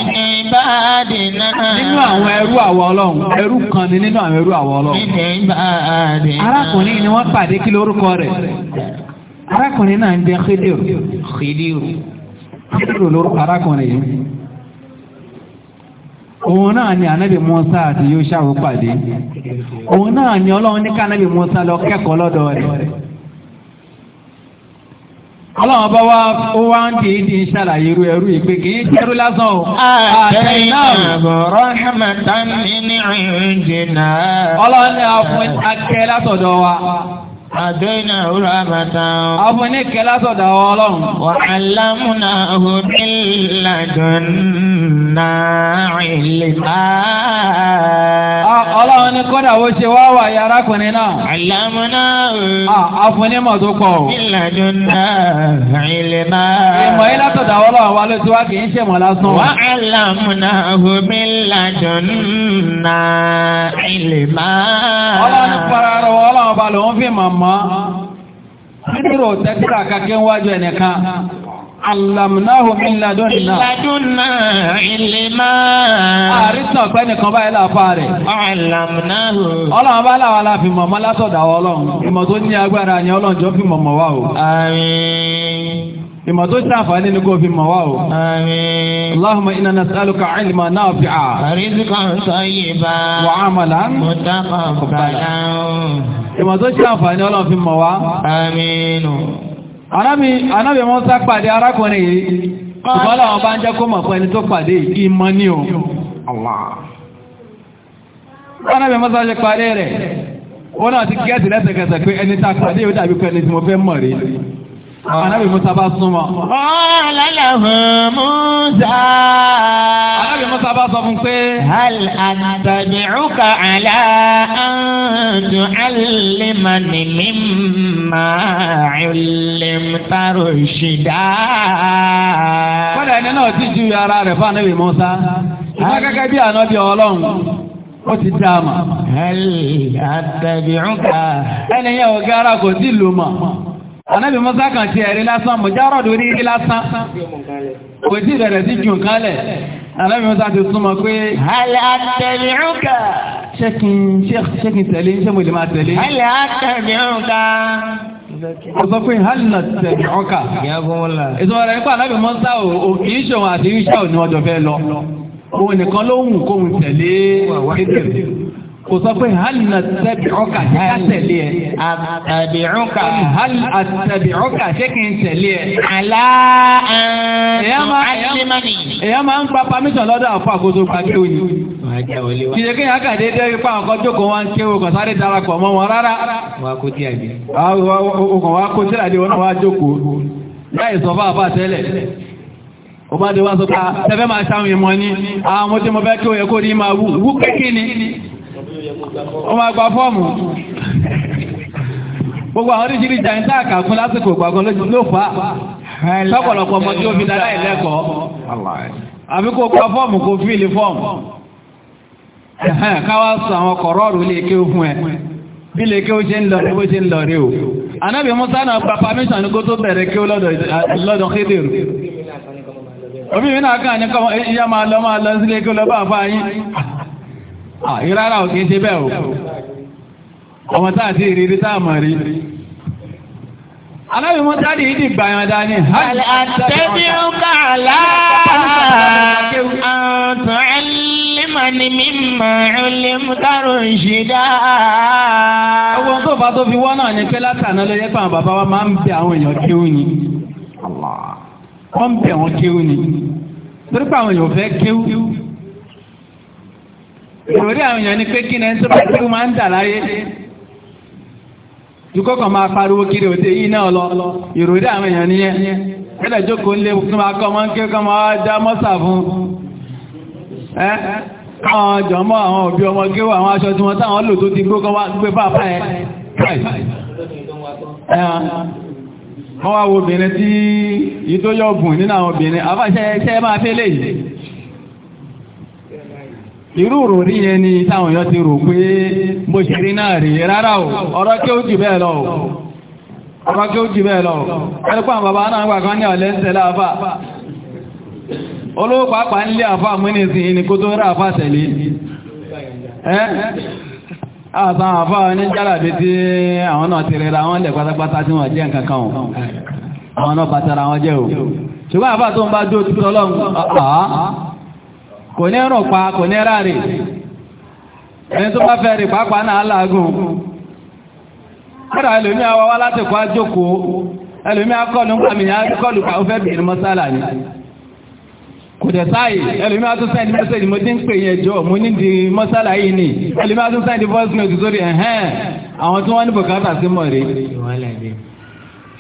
Speaker 1: nínú àwọn ẹrú àwọ̀ ọlọ́run ẹrú kan ní nínú àwọn ẹrú àwọ̀ ọlọ́run arákùnrin ni wọ́n pàdé kí lórúkọ rẹ̀ arákùnrin náà ń jẹ́ Khidiru Khidiru lórúkọ arákùnrin yìí òun náà ni ànábì Mùsá àti Yóṣà wọ́n pàdé òun náà ni ọlọ́run ní kánábì Mùsá lọ kẹ́kọ̀ọ́ lọ́dọ̀ rẹ̀ Ọlọ́run bá wá ó wá ń di ìdí ìṣàlàyé irú ẹrú ìpè kì í ṣẹ́rú lásán o. Àtẹ̀yìn àbọ̀rọ̀ Hamatan ní ìrìn jìnnà. Ọlọ́run ní a akẹ́ látọ̀dọ̀ wa. Àdéhìnà òru Ọ̀fun ní kẹlá sọ̀dọ̀ ọlọ́run. Wà á lámúnà òbí làdùnnà ìlèmá. Ọlọ́run ní kọ́dà ó ṣe wá wà yàrá kùnrin náà. Àlámúnà òbí. Ọ̀fun ní mọ̀ tó pọ̀. Ìlàdùnnà ìlèmá. Ìmọ̀ yìí látọ̀dọ̀ ọlọ́run wa ló ti wá kì í ṣe mọ̀ lásán. Wà á lámúnà òbí làdùnnà ìlèmá. Ọlọ́run fara ọlọ́run balùwọ̀n fi mọ̀ mọ̀. mọ́ nítorò tẹ́tìrà kakẹ́ wájú ẹnìkan Àlàmùnáhù min ladunna. Àrísàn pẹ́ báyìí láàfà rẹ̀. Àlàmùnáhù. Ọlọ́run bá láwa la fi mọ̀mọ́ látọ̀dà ọlọ́run. o. ìmọ̀ tó ṣàǹfààní ni kò fi mọ̀ wá o. àmín. Allahumma inna nas'aluka ilman nafi'a. rizqan tayyiban. wa amalan. mutaqabbalan. ìmọ̀ tó ṣàǹfààní ọlọ́run fi mọ̀ wá. àmín. anábì Mùsá pàdé arákùnrin yìí. ṣùgbọ́n làwọn bá ń jẹ́ kó mọ̀ fún ẹni tó pàdé ìmọ̀ ni o. anábì Mùsá ṣe pàdé rẹ̀. ó náà ti gẹ́ẹ̀tì lẹ́sẹ̀kẹsẹ̀ pé ẹni tá a pàdé yóò dàbí pé tí mo fẹ́ mọ̀ rí. Ànábì Musa bá súnmọ́. Ọ̀làlà Musa. Ànábì Musa bá sọ fún pé.
Speaker 2: Hal àtàbí'úkà àlá àǹtù àlèmánì mímà ìlèmtàrò ṣìdá.
Speaker 1: Kọ́dà ẹni náà ti ju ara rẹ̀ fún Ànábì Musa. Ìgbà gẹ́gẹ́ bí àná di ọlọ́run ó ti dá a mọ̀. Hal àtàbí'úkà. Ẹni yẹn ò gara kò sí ìlú mọ̀. Ànábì Musa kan ti ẹ̀rí lásán, mùjárọ̀dù rí rí lásán. Kò tí ìrẹ̀rẹ̀ sí jù kálẹ̀. Ànábì Musa ti súnmọ́ pé. Hàlẹ́ àtẹ̀lẹ́rúkà. Ṣé kí n tẹ̀lé? Ṣé mo lè máa tẹ̀lé? Hàlẹ́ àtẹ̀lẹ́rúkà. Mo sọ pé hàlẹ́ àtẹ̀lẹ́rúkà. Ìtumọ̀ rẹ̀ nípa Ànábì Musa ò kì í ṣòwò àti ìṣà òní ọjọ́ fẹ́ lọ. Òun nìkan ló kóhun tẹ̀lé. kò sọ pé hali na tẹbi'uka ṣe ká tẹ̀lé ẹ. àtẹbi'uka. hali àtẹbi'uka ṣe kì í ẹ. àlá àlìmánì. èèyàn máa ń gba pamíṣọ lọ́dọ̀ àwọn fàkóso pàṣẹ òní. kìí kí ni akadé dé ipa nǹkan wọn kéwò kan sáré darapọ̀ mọ́ wọn rárá. tí a jẹ. ọkàn wa wọn wá jókòó. láì sọ fún àbá tẹ́lẹ̀ de wa ni mo kí ó máa gba fọ́ọ̀mù gbogbo àwọn oríṣiríṣi àyíká àkàkún lásìkò gbàgbọ́n ló fà lọ́pọ̀lọpọ̀ ọmọ tí ó fi dára ìlẹ́kọ̀ọ́ àbí kò gba fọ́ọ̀mù kò fíìlì fọ́ọ̀mù káwá sọ àwọn kọ̀rọ̀ọ̀rù lè fún ẹ bí lè ó ṣe ń o anábì musa náà gba ní kó tó bẹ̀rẹ̀ lọ́dọ̀ omi mi náà kàn ní ìyá máa lọ máa lọ lọ bá ìrárá ò kìí ṣe bẹ́ẹ̀ o ọmọ táà ti ìrírí táà mọ̀ rí alábìmọ́ táàdì yìí dìgbà yàn dání. àtẹ́bí ó tó bá tó fi wọ́n náà ní pé látàná ló yẹ bàbá wa máa ń bẹ àwọn èèyàn kéwù ni wọ́n ń bẹ àwọn kéwù ni torí àwọn èèyàn fẹ́ kéwù. ìròrí àwọn èèyàn ni pé kí ni bá tó máa ń dà láyé dukọ kan máa pariwo kiri òde yìí náà lọ ìròrí àwọn èèyàn nìyẹn ẹlẹ jókòó lé fún ma kọ wọn kí máa mọ́sà fún ẹ jọmọ àwọn òbí ọmọ gé àwọn aṣọ tí wọn táwọn lò tó ti gbó kan wá gbé ẹ wọn wá wo obìnrin tí ògùn nínú àwọn irú òròrí yẹn ni táwọn èèyàn ti rò pé mo ṣe rí náà rí rárá o ọ̀rọ̀ kí ó jù bẹ́ẹ̀ o ọ̀rọ̀ kí ó jù bẹ́ẹ̀ o ẹlẹ́pàá bàbá náà gbà kan ní ọ̀lẹ́ ń tẹ̀lé àfà olówó ń lé àfà múnisìn ní kó tó rà àfà tẹ̀lé ti ṣùgbọ́n àfà tó ń kò ní rùn pa kò ní ráre ẹni tó bá fẹ́ rí pàápàá náà láàgùn kódà ẹlòmí àwọn wá láti kọ́ àjókòó ẹlòmí akọ́lù pàmì akọ́lù pàmì fẹ́ ni kò dẹ̀ sáàyè ẹlòmí a tún sẹ́ndì mẹ́sẹ̀dì mo ti pè yẹn jọ mo ní di mọ́sálà yìí ni ẹlòmí tún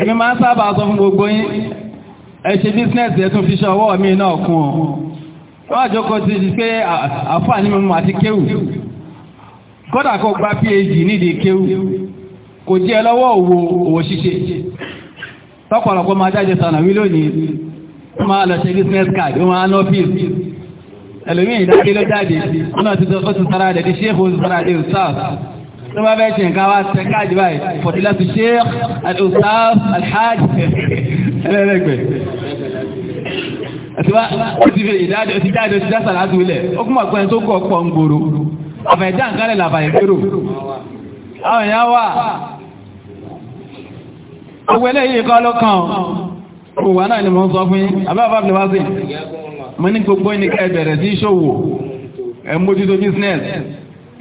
Speaker 1: èmi máa ń sábà sọ fún gbogbo yín ẹ ṣe bísínẹ́sì fi ṣe ọwọ́ mi náà kún ọ wọ́n àjọkọ̀ ti di pé àfààní mímọ̀ àti kéwù kódà kó gba phd nídìí kéwù kò jẹ́ lọ́wọ́ òwò òwò ṣíṣe tọ́pọ̀lọpọ̀ máa jáde sànàwí lónìí wọ́n máa lọ ṣe tó bá bẹ́ẹ̀ ṣe nǹkan wá tẹ káàdì báyìí fọ̀tílá ti ṣe al-ustaz al-hajj ẹlẹ́rẹ́gbẹ̀ ó ti fẹ́ ìdájọ́ ti dájọ́ ti dásà láti ilẹ̀ ó kún àpẹẹrẹ tó kọ̀ pọ̀ ń gbòòrò àfẹ̀dá nǹkan lẹ̀ làbàyẹ̀ kérò àwọn èèyàn wà ọgbẹ́ lẹ́yìn ikọ́ lọ́kàn kò wà náà ni mo ń sọ fún yín abẹ́bàbà mo ní gbogbo ẹnikẹ́ bẹ̀rẹ̀ sí ìṣòwò ẹ̀ business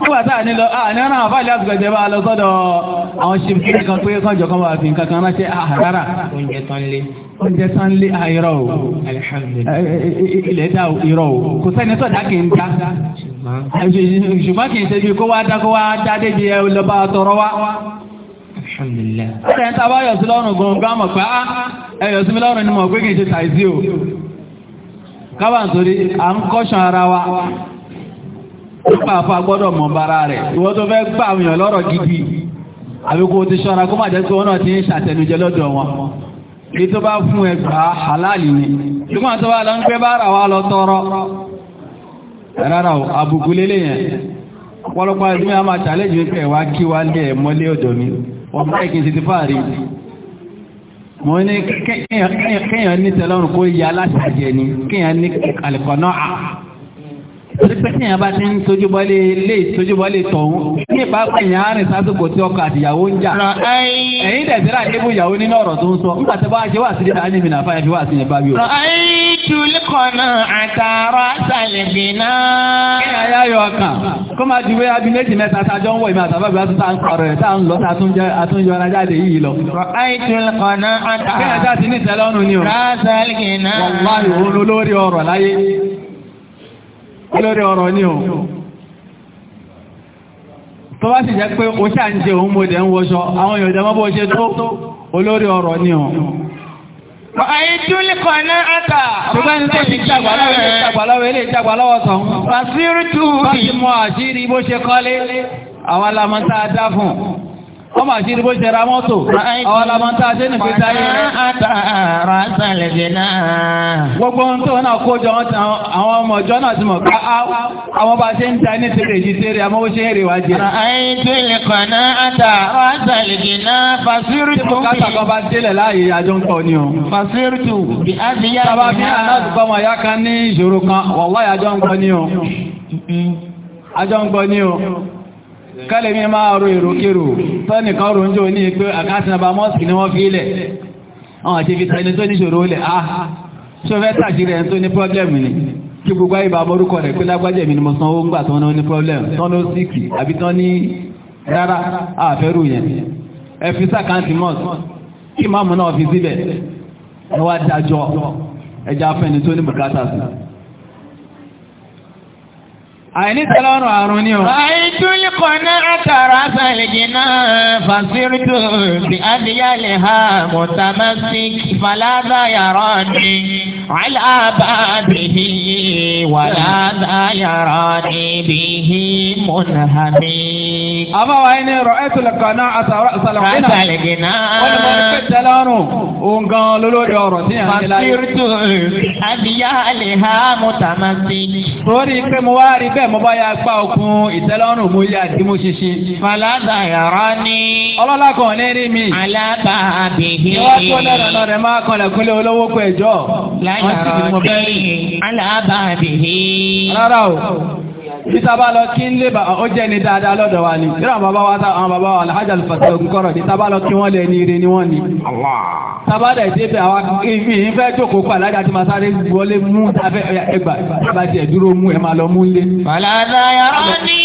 Speaker 1: nígbàtá ní lọ ní ọ̀nà àwọn fàílì àtùgbà ìjẹba lọ sọ́dọ̀ àwọn ṣìbìkì kan pé kọjọ kan wà fi nǹkan ránṣẹ́ ah, oúnjẹ tán lé oúnjẹ tán lé ah, o eh, eh, eh, o kò sẹ́ni sọ̀dá kì í dá ṣùgbọ́n kì í ṣe bí kó wá dá kó wá dá débi ẹ lọ́ba tọrọ wá. ọ̀rẹ́ ń ta bá yọ̀sí lọ́rùn gan gan mọ̀ pé ah, ẹ yọ̀sí mi lọ́rùn ni mọ̀ pé kì í ṣe tàìsí o kábàǹtorí nípa afọ gbọ́dọ̀ mọ̀ bára rẹ̀ ìwọ́n tó fẹ́ gbà lọ́rọ̀ gidi ti ṣọ́ra kó má jẹ́ náà ti ń ṣàtẹnujẹ lọ́dọ̀ wọn ní tó bá fún ẹgbà halali ni ṣùgbọ́n tó wà lọ ń pẹ́ wa lọ tọrọ
Speaker 3: rárá o àbùkù lélẹ̀ yẹn
Speaker 1: ọ̀pọ̀lọpọ̀ máa wá kí wá lé ẹ̀ mọ́lé ọ̀dọ̀ mi wọ́n bẹ́ẹ̀ Ìpínlẹ̀ tí èèyàn bá ti ń tojúbọ́lé ilé ìtojúbọ́lé tọ̀hún, ní ìbáfẹ́ èèyàn á rìn sásìkò tí ọkọ àti ìyàwó ń jà. Ẹ̀yin dẹ̀sẹ̀rẹ̀ àdébù ìyàwó nínú ọ̀rọ̀ tó ń sọ, nígbà tí bá ṣe wà sí ìdá ní ìmìnà fáyẹ̀ fi wà sí yẹn bá bí o. Ìtúlẹ̀kọ̀nà àtàrà sàlẹ̀bìnà. Kí ayá yọ ọkàn, kó máa di wé abí méjì mẹ́ta tájọ́ olórí ọ̀rọ̀ ní o tó bá sì jẹ́ pé o ṣà ń jẹ òun mọ̀dẹ̀ ń wọṣọ àwọn èèyàn jẹ́ mọ́bọ̀ ṣe tó olórí ọ̀rọ̀ ní o Àyí túlì kan náà àtà. tó ti jàgbà ilé jàgbà lọ́wọ́ ọmọ àti ìdìbò ṣe ra mọ́tò àwọn alamọ́tà ṣe ní fi táyé rẹ̀.
Speaker 2: àtàrà
Speaker 1: sàlẹ̀jẹ̀ náà. gbogbo ohun tó náà kó jọ àwọn ọmọ ọjọ́ náà ti mọ̀ pé àwọn bá ṣe ń ta ní tèrè yìí tèrè àmọ́ ó ṣe ń rè wá jẹ. àìjọ ìlẹ̀kọ̀ náà àtàrà sàlẹ̀jẹ̀ náà fàṣírùtù. kátàkọ́ bá délẹ̀ láàyè àjọ ń tọ́ ni o. fàṣírùtù bí a ti yá. aláàdúgbò ọmọ ìyá kan ní ìṣòro kan wàlá àjọ ń kálẹ̀ mi máa ro èròkèrò tọ́nìkan ro ń jò ní pé àkáṣí nàbà mọ́sìkì ni wọ́n fi ilẹ̀ àwọn àti ìfisà ẹni tó ní ṣòro ilẹ̀ àhá ah, ṣó fẹ́ tàjírí ẹni tó ní pọ́blẹ́mù ni kí gbogbo ayé bá mọ́rúkọ rẹ̀ pé lágbájẹ̀ mi ni mo san owó ńgbà tán ní pọ́blẹ́mù tán ló síkì àbí tán ní rárá àfẹ́rù yẹn ẹ fi sàkáǹtì mọ́s kí máàmù náà fi síbẹ̀ ẹ wá dájọ́ àìní tẹ́lọ́rùn àrùn ni o. àìdúlé kan náà tààrà sàlẹ̀jì náà fàṣírìtò bí adìyálẹ̀ ha mọ̀tàmásíkì fàlàdà yàrá ni alábàbìhì wàlàdà yàrá ni bìhì mọ̀nàhàmì. àbáwá yìí ni rọ ẹtùlẹ̀ kan náà tààrà sàlẹ̀jì náà. wọ́n ní wọ́n ni bẹ́ẹ̀ mo bá ya gbá okun ìtẹ́lọ́rùn mú yá dìímú ṣinṣin. Fàlàtà yàrá ni. Ọlọ́lá kan ní rí mi. Àlàtà àbìhí. Ìwọ́n tó lẹ́rọ̀ rẹ̀ máa kọlẹ̀ kúnlé olówó pẹ̀jọ́. Láyàrá ni. Àlàbà àbìhí. Rárá o bí lọ kí ń lè bá ọ jẹ́ dáadáa lọ́dọ̀ wa ni yíra bàbá wa tá àwọn bàbá wa alhaji alifasẹ ogunkọrọ bí lọ kí wọ́n lè ní ire ni wọ́n ní.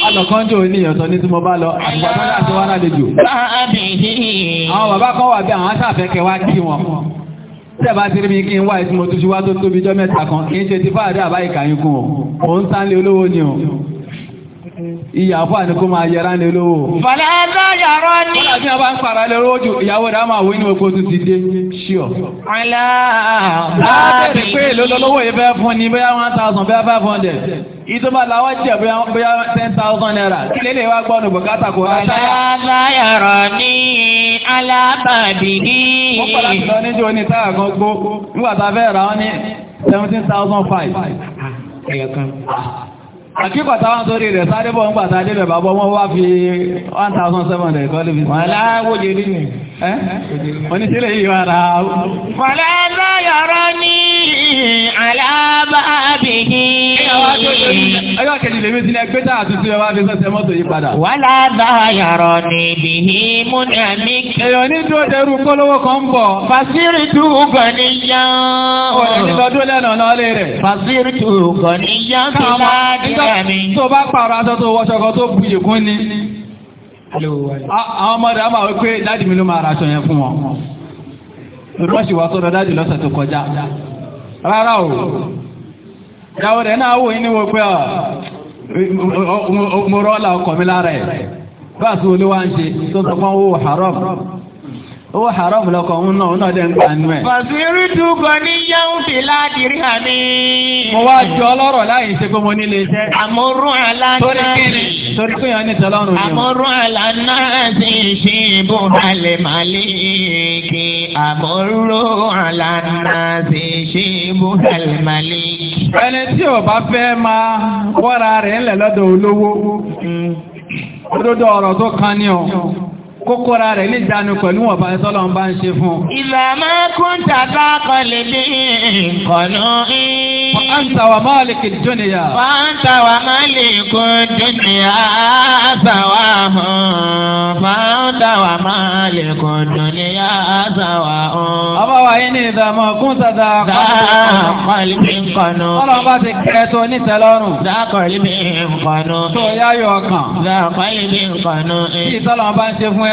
Speaker 1: alọ̀kánjọ́ ní tí mo ti rí mi kí n wá ìsinmi tó ṣe tó tóbi jọ mẹ́ta kan kí n ṣe ti fáàdé àbáyé kàyínkù ọ̀ ń sáńlé olówó ni ọ̀ ìyá fún àníkó máa yẹra ní olówó. fàlàdà yàrá ni. kọ́lá bí wọ́n bá ń para lé rọ́jò ìyàwó rẹ̀ máa wí ní oko tó ti dé ṣíọ̀.
Speaker 2: ọ̀la láti pé
Speaker 1: èlò yìí fẹ́ fún ni bóyá one thousand bóyá five hundred. ìtumọ̀ làwọn jẹ̀ bóyá ten thousand naira. kí lè lè wá gbọ́nù bùkátà kò rà náírà. fàlàdà yàrá ni alábàbìdì. wọ́n pàlà ti lọ níjó ní táyà kan gbó Àkíkọ̀ táwọn sórí rẹ̀ sáré bọ̀ ń pàtà débẹ̀ bàbọ̀ wọ́n wá fi 1,700 kọ́lé fi. Wọ́n Wàlá lọ́yọ̀rọ̀ ní bìhì ní dúró dẹrú kólówó kan ń bọ̀. Fàṣírí tù gọ̀ níyàn. Òṣèlú lọ́dún lẹ́nu ọ̀nà ọ̀lẹ́ rẹ̀. tó bá pààrọ̀ aṣọ tó wọ́ṣọ́kọ́ tó bùjì kún ní àwọn ọmọdé a máa wípé dáàdì mi ló máa raṣọ yẹn fún wọn rọ́ṣì wá sọ́dọ̀ dáàdì lọ́sẹ̀ tó kọjá rárá o ìyàwó rẹ̀ náà wò ní wọ́n mo rọ́ọ̀lá haram owó haram lọkọ̀ òun náà náà dẹ̀ ń gbà nú ẹ̀. bàtúrú dùkọ̀ ní yẹ́hùn fi ládìrí àmì. mo wá jọ ọlọ́rọ̀ láì ṣe pé mo nílé iṣẹ́. àmọ́rú àlànà torí kíni torí pé yẹn ní tọ́lọ́run yẹn. àmọ́rú àlànà ṣe ṣe bó halẹ̀ màlíkì. àmọ́rú àlànà ṣe ṣe bó halẹ̀ màlíkì. ẹni tí ò bá fẹ́ máa wọ́ra rẹ̀ ńlẹ̀ lọ́dọ̀ kókóra rẹ̀ ní ìdánu pẹ̀lú ọ̀bá ìtọ́lọ̀ ń bá ń ṣe fún. ìlàmọ́ kún tàbá kọlẹ̀ bí ìkọ̀nù ìyí. fàǹtà wà máa lè kìí jóníyà.
Speaker 3: fàǹtà wà máa lè
Speaker 1: kún jóníyà àṣàwà hàn. fàǹtà wà máa lè kún jóníyà àṣàwà hàn. ọba wa yìí ní ìdààmú kún tàbá kọlẹ̀ bí ìkọ̀nù. ti kẹ́ ní tẹ́lọ́rùn. dákọ̀lẹ̀ bí ìkọ̀nù. tó yáyọ̀ kan. dákọ̀lẹ̀ bí ìkọ̀nù. kí bá ń ṣe fún ẹ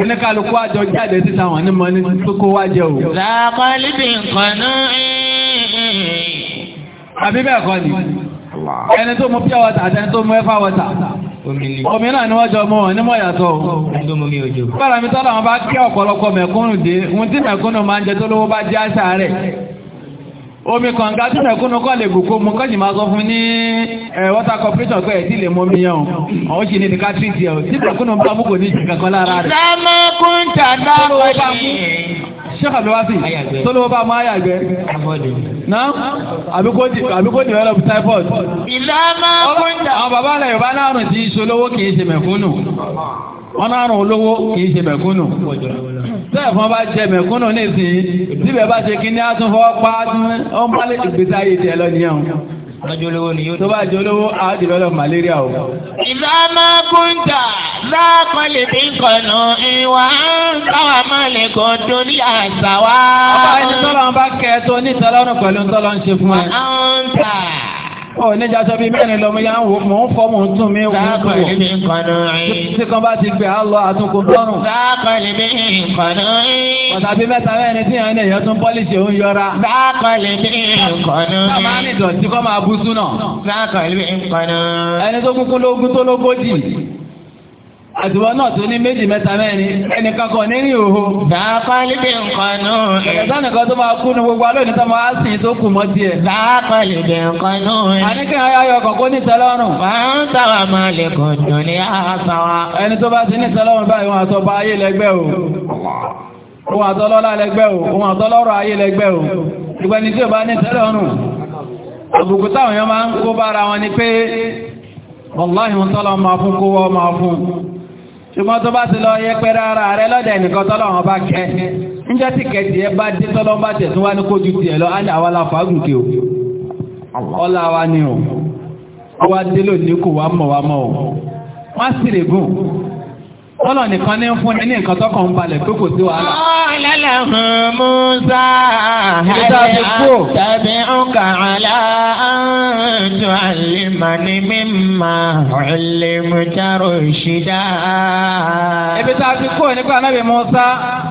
Speaker 1: oníkàlùkù àjọ jáde síta wọn ní mọ́ni tó kó wá jẹ o. làkọ́lì bí nǹkan nú àbí bẹ́ẹ̀ kọ́ ni ẹni tó mú pure water àti ẹni tó mú ẹ̀fà water omi náà ni wọ́n jọ mọ́ wọn ní mọ́ ìyàtọ̀ bára mi tọ́lá wọn bá kí ọ̀pọ̀lọpọ̀ mẹ̀kúnnù dé ohun tí mẹ̀kúnnù máa ń jẹ tó lówó bá jẹ́ àṣà rẹ̀ omi kànga tí ìrẹ̀kúnnú kọ́ lè gòkó mú kọ́jì máa sọ fún ní water corporation pé ẹ̀dí lè mú omi yẹn o ó sì ní ní kátírìtì ẹ̀ tí ìrẹ̀kúnnú bá mú kò ní ìjì kankan lára rẹ̀. sámọ kún tàdá wọlé. sẹ́kà ló wá sí tó bá mú àyàgbẹ́. ná àbíkó di ọlọ́pù typhoid. ìlànà kún tàdá. àwọn bàbá alẹ́ yorùbá náà rùn sí ìṣolówó kì í ṣe mẹ̀kúnnù wọn náà rùn olówó kì í ṣe mẹ̀kúnnù bẹ́ẹ̀ fún bá jẹ mẹ̀kúnnù nísìnyí síbẹ̀ bá ṣe kí ní àtúnfọwọ́ pa ó ń pálẹ̀ ìgbésí ayé tiẹ̀ lọ nìyẹn o lọ́jọ́lówó ni yóò tó bá malaria o. ìlà máa kúńtà láàpọ̀ lè fi kọ̀nà ìwà káwa máa lè kó torí àṣà wa. ọba ẹni tọ́lọ́ ń bá kẹ́ ẹ tó ní tọ́lọ́rùn pẹ̀lú tọ́lọ́ ń ṣe fún ẹ ọ̀ níjà sọ bí mẹ́rin lọ mọ́ yá ń wò mọ́ ń fọ́ mọ́ ń tún mi wò ó kúrò. tí kan bá ti gbé á lọ àtúnkò lọ́rùn. sáàkọ̀lì bí nkànnà yín. pàtàkì mẹ́ta mẹ́rin tí yẹn lèyàn tún pọ́lìṣì ń yọra. sáàkọ̀lì àtiwọ́ náà tó ní méjì mẹ́ta mẹ́rin ẹnì kankan nínú ìhòhò. dàápá lédè nǹkan náà. ẹ̀ka nìkan tó máa kú ní gbogbo alẹ́ tó máa sìn tó kù mọ́ tiẹ̀. dàápá lédè nǹkan náà. àníkẹ́ ayọ̀ kọ̀kọ́ ní ìtẹ́lọ́rùn. máa ń sábà máa lè kàn jù ní àṣà wa. ẹni tó bá ti ní ìtẹ́lọ́rùn báyìí wọn àtọ́ bá ayé lẹ́gbẹ́ o. wọn àtọ́ lọ́lá lẹ́gbẹ́ o. wọn àtọ́ lọ́rọ̀ ayé lẹ́gbẹ́ o. ìgbẹ́ni tí ò bá ní ìtẹ́lọ́rùn. àbùkù táwọn èèyàn máa ń kó bára wọn ni pé wàláhì wọn tọ́lọ́ máa fún kó wọ́ máa fún. ṣùgbọ́n tó bá ti lọ yẹ pẹ́rẹ́ ara rẹ lọ́dẹ̀ nìkan tọ́lọ́wọ́n bá kẹ́ níjẹ́ tí kẹ̀tì ẹ bá dé tọ́lọ́wọ́n bá tẹ̀sùn wá ní kójú tiẹ̀ lọ á ní Tọ́lọ̀ nìkan ní fún ní nǹkan tọ́kàn ń balẹ̀ pé kò sí wàhálà. Ọ̀lẹ́lẹ̀ hàn
Speaker 2: Musa àlẹ́ àtàbí ọkà àlá àjọ àlèmà ní mímà ọ̀lẹ́mú járó
Speaker 1: ṣídá. Ebi tá a ti kúrò nípa anábì Musa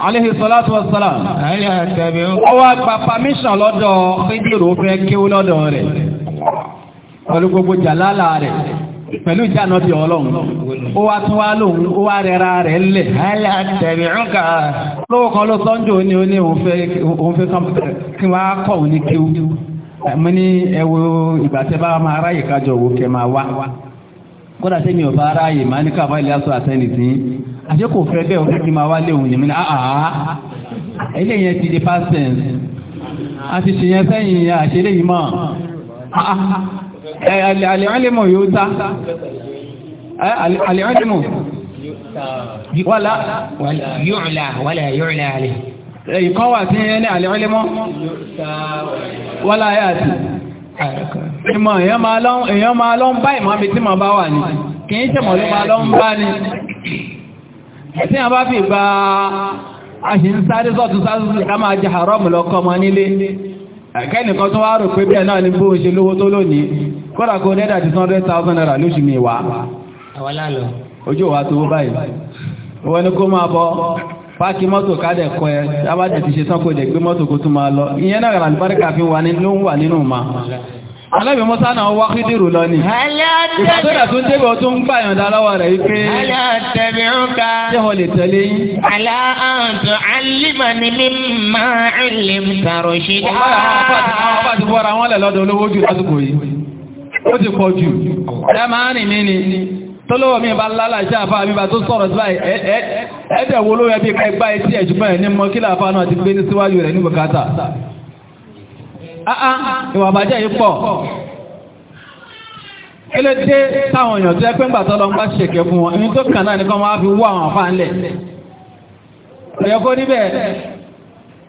Speaker 1: alayhi salatu wa salam. Àlẹ́ àtàbí ọkà. Ó wá gba pàmíṣàn lọ́dọ̀ Fẹ́jìrò fẹ́ kéwú lọ́dọ̀ rẹ̀. Pẹ̀lú gbogbo jàlálà rẹ̀ pẹ̀lú ìjánu bí ọlọ́run ó wá tún wá lòun ó wá rẹra rẹ̀ lẹ̀ ayé àtẹ̀rì ọ̀gá lówó kan ló sọ́njú òní òní òun fẹ́ kí wọ́n á kọ̀ òun ní kíw mo ní ẹ wo ìgbà tẹ́ bá máa ráyè kájọ wo kẹ́ máa wá kódà sẹ́mi ò bá ráyè máa ní káfá ilé aṣọ àtẹ́ni sí àṣé kò fẹ́ bẹ́ẹ̀ òun kí máa wá lé òun yìí mo ní àhàhà eléyìí ti di past tense àti ṣèyẹn sẹ́yìn àṣẹlẹ́yìn mọ́ alìọ́lìmọ̀ yóò tá alìọ́lìmọ̀ wọ́lá yóòlá wọ́lá yóòlá alì ìkọ́ wà sí ẹni alìọ́lìmọ̀ wọ́lá yáà tí ìmọ̀ èyàn máa lọ ń bá ìmọ̀ tí ma bá wà ní kìí ṣẹ̀mọ̀ ló máa lọ ń bá ní tí a bá fi gba aṣìń sáré sọ́tún sáré sọ́tún ká máa jẹ àrọ́mù lọ́kọ́ ọmọ nílé ẹ̀kẹ́nìkan tó wá rò pé bẹ́ẹ̀ náà ni bó ṣe lówó tó lónìí kọ́dà kó dẹ́dà ti san hundred thousand naira lóṣù mi wá. àwọn lálọ. ojú wa tó báyìí wọ́n ní kó máa bọ́ páàkì mọ́tò kádẹ̀ kọ ẹ tábàdẹ̀ ti ṣe tán kó dẹ̀ gbé mọ́tò kó tún máa lọ ìyẹn náà rà lùbáríkà Alábì Mọ́sá náà wá kí dìrò lọ ní. Ìfàtọ́dà tó ń tẹ́bẹ̀ tó ń gbàyàn dáláwà rẹ̀ wípé. Aláàtẹ̀bẹ̀ ń ga. Ṣé wọ́n lè tẹ̀lé yín? Aláàtọ̀ alímọ̀ ni mi máa ń lè tàrọ̀ ṣe dá.
Speaker 2: Àwọn bá ti
Speaker 1: bọ́ra wọn lẹ̀ lọ́dọ̀ olówó jù lásìkò yìí. Ó ti pọ̀ jù. Ẹ máa rìn mí ni. Tọ́lọ́wọ́ mi bá lálà iṣẹ́ àfáà mi bá tó sọ̀rọ̀ sí báyìí. Ẹ̀ẹ́dẹ̀ wo ló yẹ bí ẹgbá etí ẹ̀jú Ah, ah, ìwà àbàjẹ́ yìí pọ̀ kí ló dé táwọn èèyàn tó yẹ pé ń gbà tọ́lọ ń bá ṣèkẹ́ fún wọn ẹni tó kàn náà nìkan máa fi wú àwọn àfáà ńlẹ̀ ọ̀yọ́ kó níbẹ̀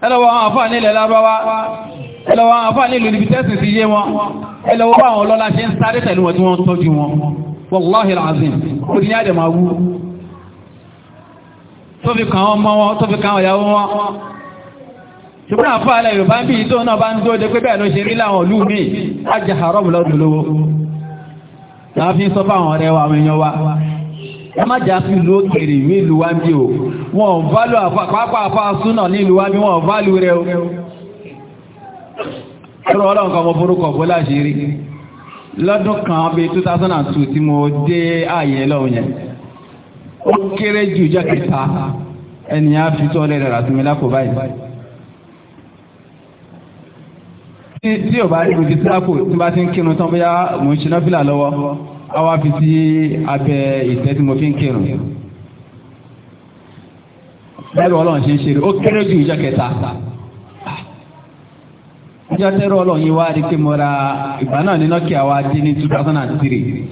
Speaker 1: ẹlọ́wọ́ àwọn àfáà nílẹ̀ lábáwá ẹlọ́wọ́ àwọn àfáà nílùú níbi tẹ́sì ti yé wọn ẹlọ́wọ́ bá àwọn ọlọ́lá ṣe ń sáré tẹ̀lú wọn tí wọ́n tọ́jú wọn wọ́láhì làzín ó ní àdẹ̀máwú tó fi kàn wọn mọ́ wọn tó fi kàn ọ̀yàwó wọn ṣùgbọ́n àfọ́ alẹ́ Yorùbá ń bí ìtò náà bá ń tó dé pé bẹ́ẹ̀ ló ṣe rí láwọn ìlú mi ajá àárọ̀ mú lọ́dún lówó náà fi ń sọ fáwọn ọ̀rẹ́ wa àwọn èèyàn wa ẹ má jà fi ìlú òkèèrè ìlú ìlú wa ń bí o wọn ò bá lù àpapọ̀ àfa súnà ní ìlú wa bí wọn ò bá lù rẹ o ọ̀rọ̀ ọlọ́run lọ́dún kan bí 2002 tí mo dé ààyè lọ́wọ́ yẹn ó kéré jù jẹ́ kẹta ẹnìyàn fi tọ́lẹ̀ rẹ̀ rà sí mi báyìí tí tí ò bá rí ibi tíráàpù tí bá ti ń kírun tán bóyá mò ń ṣe náfìlà lọ́wọ́ á wá fi sí abẹ́ ìtẹ́ tí mo fi ń kírun. bẹ́ẹ̀ ọlọ́run ṣe ń ṣe ó kéré ju ìjọ kẹta. ìjọ tẹ́rọ ọlọ́run yìí wá rí pé mo ra ìgbà náà ní Nokia wa dín ní two thousand and three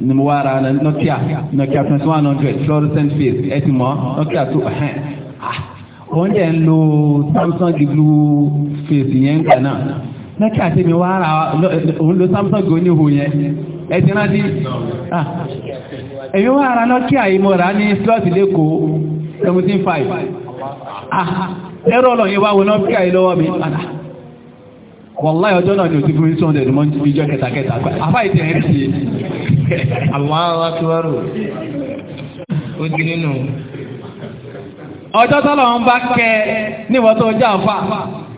Speaker 1: ni mo wá ra Nokia Nokia twenty one hundred fluorescent face ẹ ti mọ̀ Nokia tó ẹ̀hẹ́n ah, òun dẹ̀ ń lo Samsung blue face yẹn gbà náà. lẹ́kí àti mi wá ara òun ló samsung yẹn rántí èmi wá ara ní slot 75 ẹ̀rọ ọlọ́ yẹn wá wọn mi padà ọjọ́ náà ni òtí fún ìṣọ́ ọ̀dẹ̀dùmọ́ ìjọ kẹtàkẹtà àfá ìtẹ̀ ẹ̀rí sí àwọn aláàtúwárò ó di nínú ọjọ́ tọ́lọ̀ ń bá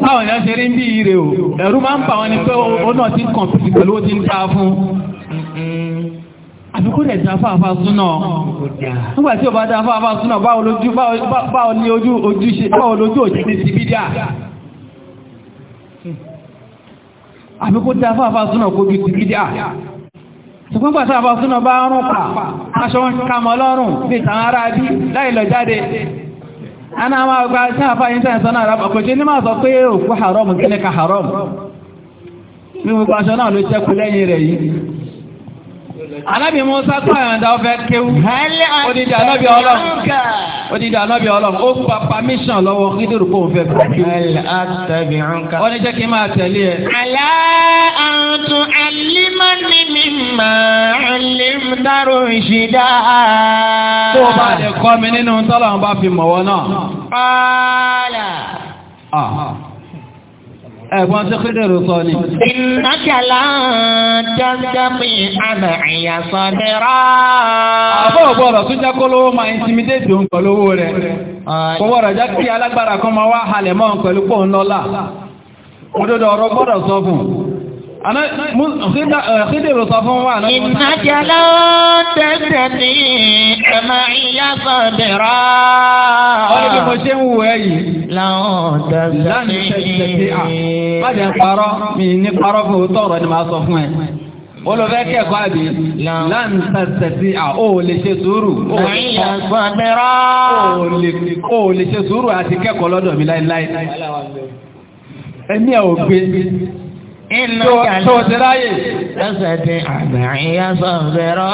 Speaker 1: Báwọn èèyàn ṣe rí ń bí ire o, ẹ̀rú máa ń bà wọn ni pé ó náà ti ń kọ̀m̀pìtì pẹ̀lú ó ti ń ta fún. Àfikún rẹ̀ dá fáfá súnà. Nígbà tí ò bá dá fáfá súnà, báwo lójú òjì ní ti bídà. Àfikún dá fáfá súnà kó bí ti bídà ṣùgbọ́n pàtà àbásúnà bá rún pà aṣọ wọn kàmọ́ lọ́rùn ní tàn ara bí láìlọ jáde ana máa gba ṣe àfáyín tẹ́ ìsọ́nà àràbàkò ṣe ma máa sọ pé òkú haram ka haram ní gbogbo aṣọ náà ló ṣẹ́kù lẹ́yìn rẹ̀ yi Anábì Musa tó àyàndá ọfẹ́ kéwú. Odidi anábì ọlọ́run. Odidi anábì ọlọ́run. Ó gba permission lọ́wọ́ kíndìrú kó n fẹ́ Wọ́n ní jẹ́ kí n máa tẹ̀lé ẹ. Àlá àtún àlímọ́ni mi máa lè dárò ìṣẹ̀dá. Tó o bá lè kọ́ mi nínú tọ́lọ̀ ń bá fi mọ̀wọ́ náà. Pààlà. Ẹ̀gbọ́n tó kéde rò sọ ni. Ìnákàlá jẹ́jẹ́pì àmà ìyàsọ̀ nira. Àbọ̀ ọ̀gbọ̀rọ̀ tún jẹ́ kó lówó máa intimidate òun pẹ̀lú owó rẹ̀. Kọ̀wọ́ rẹ̀ jẹ́ kí alágbára kan máa wá halẹ̀ mọ́ Ana Khidiru eh, sọ fún ní ẹ̀mà ìyá sọ̀dẹ̀rọ̀. Wọ́n ní mo ṣe ń wù ẹ́ yìí. Láwọn tẹ̀sẹ̀ ní. Láti ń ni màá sọ fún ẹ. Olùfẹ́ kẹ́kọ̀ọ́ àbí láàmì tẹ̀sẹ̀tì à ó lè ṣe sùúrù. Ó lè ṣe sùúrù àti kẹ́kọ̀ọ́ lọ́dọ̀ mi láíláí. Ẹ̀mí ẹ̀ ò Tòtìráyè. Lọ́sẹ̀ ti àgbẹ̀rin yá sọ̀rọ̀.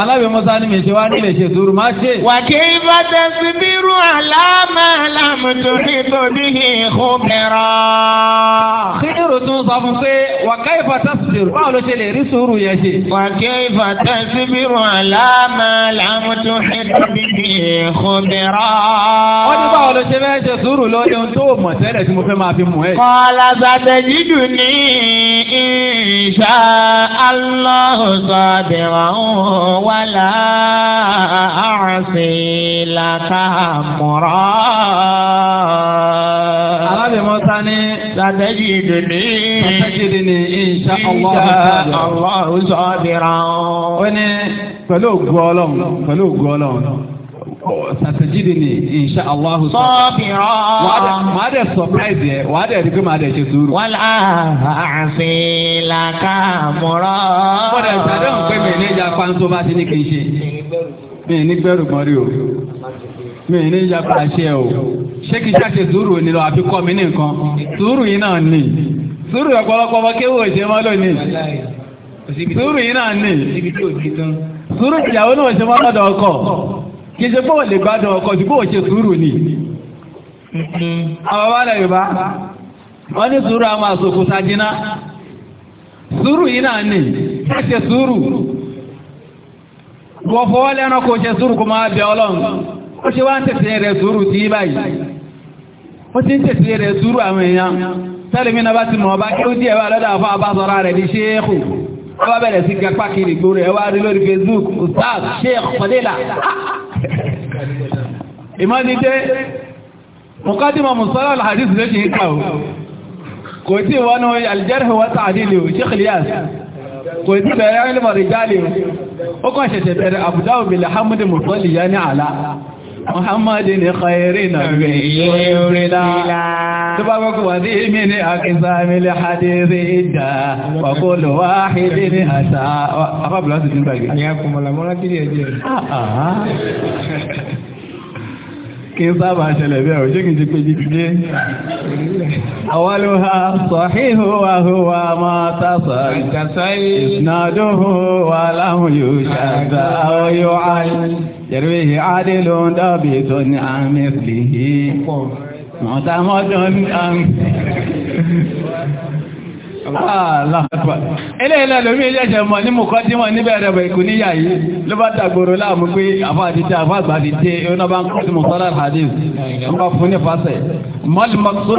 Speaker 1: Alábì Musa ni mèṣe wá ní mèṣe dúró máa ṣe. Wàkí bá tẹ̀sí bírú àlámà lámùtò nítorí ìhùn bẹ̀rọ̀ sọ fún pé wàká ìfàtà sùúrù báwo ló ṣe lè rí sùúrù yẹn ṣe. wàká ìfàtà síbírù àlámà làmútú ìdíbi ìkùnbẹ̀rọ. wọ́n ní báwo ló ṣe fẹ́ ṣe sùúrù lórí ohun tó mọ̀ tẹ́lẹ̀ tí mo fẹ́ máa fi mú ẹ. kọ́lá sàtẹ̀jì ní
Speaker 2: insha Allah sabiran wala àṣẹ làkàmùrọ̀.
Speaker 1: alábìmọ́ta ní. sàtẹ̀jì dùn àṣírí insha Allah sabiran. ó ní pẹ̀lú ògùn ọlọ́run pẹ̀lú ni insha Allah sabiran. màá dẹ̀ surprise yẹ wàá dẹ̀ rí pé màá dẹ̀ ṣe sùúrù. wọ́n á àfin làkà mọ́rọ́. mo dẹ̀ sàdéhùn pé mi ní ìjà pàǹtó bá ti ní kì í ṣe mi ní gbẹ́rù kan o mi ní ìjà pàṣẹ o ṣé kì í ṣàṣe sùúrù ni àfikọ́ mi ní nǹkan sùúrù yìí náà nì. sùúrù ọ̀pọ̀lọpọ̀ ọmọ kéwò ìṣe mọ́ lónìí sùúrù yìí náà ní sùúrù ìyàwó náà ṣe mọ́ lọ́dọ̀ kì í ṣe lè ọkọ ṣùgbọ́n ò ṣe ni àwọn bá lẹ́yìn bá wọ́n ní sùúrù àwọn àsòkò sajiná sùúrù yìí náà ní ṣe sùúrù wọ́n fọwọ́ lẹ́nu ṣe sùúrù máa bẹ ọlọ́run ó ṣe wá ń tẹ̀sí rẹ̀ sùúrù báyìí ó ti ń tẹ́lẹ̀ mi náà bá ti mọ̀ ọba kí ó díẹ̀ wá lọ́dọ̀ àfọ àbásọ́ra rẹ̀ ní ṣéèkù ó bá bẹ̀rẹ̀ sí gapá kiri gbòòrò ẹ̀ wá rí lórí Facebook ustaz sheikh fadela [laughs] ìmọ̀nidé mọ̀kádìmọ̀ mùsọ́lá alhadis ló ṣe ń kà ó kò tí wọnú aljarh wa ta'dil o sheikh Ilyas kò tí bẹ̀rẹ̀ ilmọ̀ rìjálì o ó kàn ṣẹ̀ṣẹ̀ bẹ̀rẹ̀ Abu Dawud bil hamdi mùsọ́lì Muhammadu ni khairi na biyurila. Tó bá gbogbo wà ní ìmì ní àkísàmìlì hadithi ìdá, wàkúlù wá hìdí ní àṣà. Afábùlá sì ti ń gbàgbé. Àyà kùmọ̀lá mọ́lá kí kí n sábà ṣẹlẹ̀ bí ọ̀rọ̀ ṣé kì í ṣe pé jíjíjé. Àwọlùhà sọ̀híhù wa hùwà máa tàṣà. Ìjàsá Ìsìnàdó hùwà láhùn yóò ṣàgbà ọyọ́ àyè yẹ̀rẹ̀ àdìlò dábì tó ní àmì ìlìhì mọ̀tàmọ́dún àmì eléyìí lómi ilé-ẹ̀ṣẹ̀ mọ̀ ní mọ̀kọ́ tí wọ́n níbẹ̀ rẹ̀bẹ̀ ikú níyà yìí ló bá tàgbòrò láàmú pé àfáàdìtẹ́ àfáàgbàdìtẹ́ oná bá ń kọ́ sí mọ̀sánà hadith ń bá fún ní fásẹ̀ mọ́lì maqsud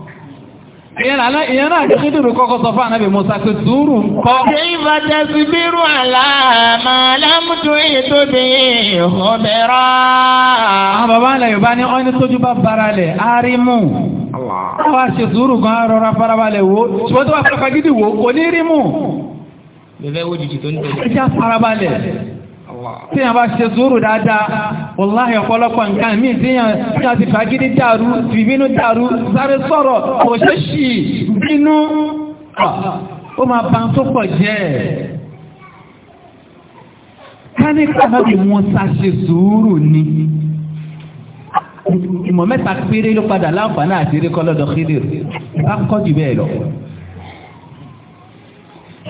Speaker 1: Ìyẹn náà kí dùrù kọ́kọ́ sọ fún ànábì Musa pé sùúrù ń kọ́. Ṣé ìfà tẹ̀sí bírú àlàmà lámùtò ètò bí ìhòbẹ̀rọ? Àwọn bàbá ilẹ̀ Yorùbá ní ọ́n ní tójú bá baralẹ̀, árímù. Àwọn àṣẹ sùúrù gan rọra farabalẹ̀ wo, ṣùgbọ́n tó wà fẹ́ fagídí wo, kò
Speaker 2: Bẹ̀bẹ̀ wo jìjì tó ń tẹ̀lé. Ẹ tí yàn bá
Speaker 1: ṣe sùúrù dáadáa wọláhì ọ̀pọ̀lọpọ̀ nǹkan míì tí yàn tí a ti fàgídí dàrú fìbínú dàrú sáré sọ̀rọ̀ kò ṣe ṣì bínú ó máa bá tó pọ̀ jẹ́ káni kábàbí wọn sá ṣe sùúrù ni ìmọ̀ mẹ́ta péré ló padà láǹfààní àti eré kọ́lọ́dọ̀ kíndìrì bá kọ́ jù bẹ́ẹ̀ lọ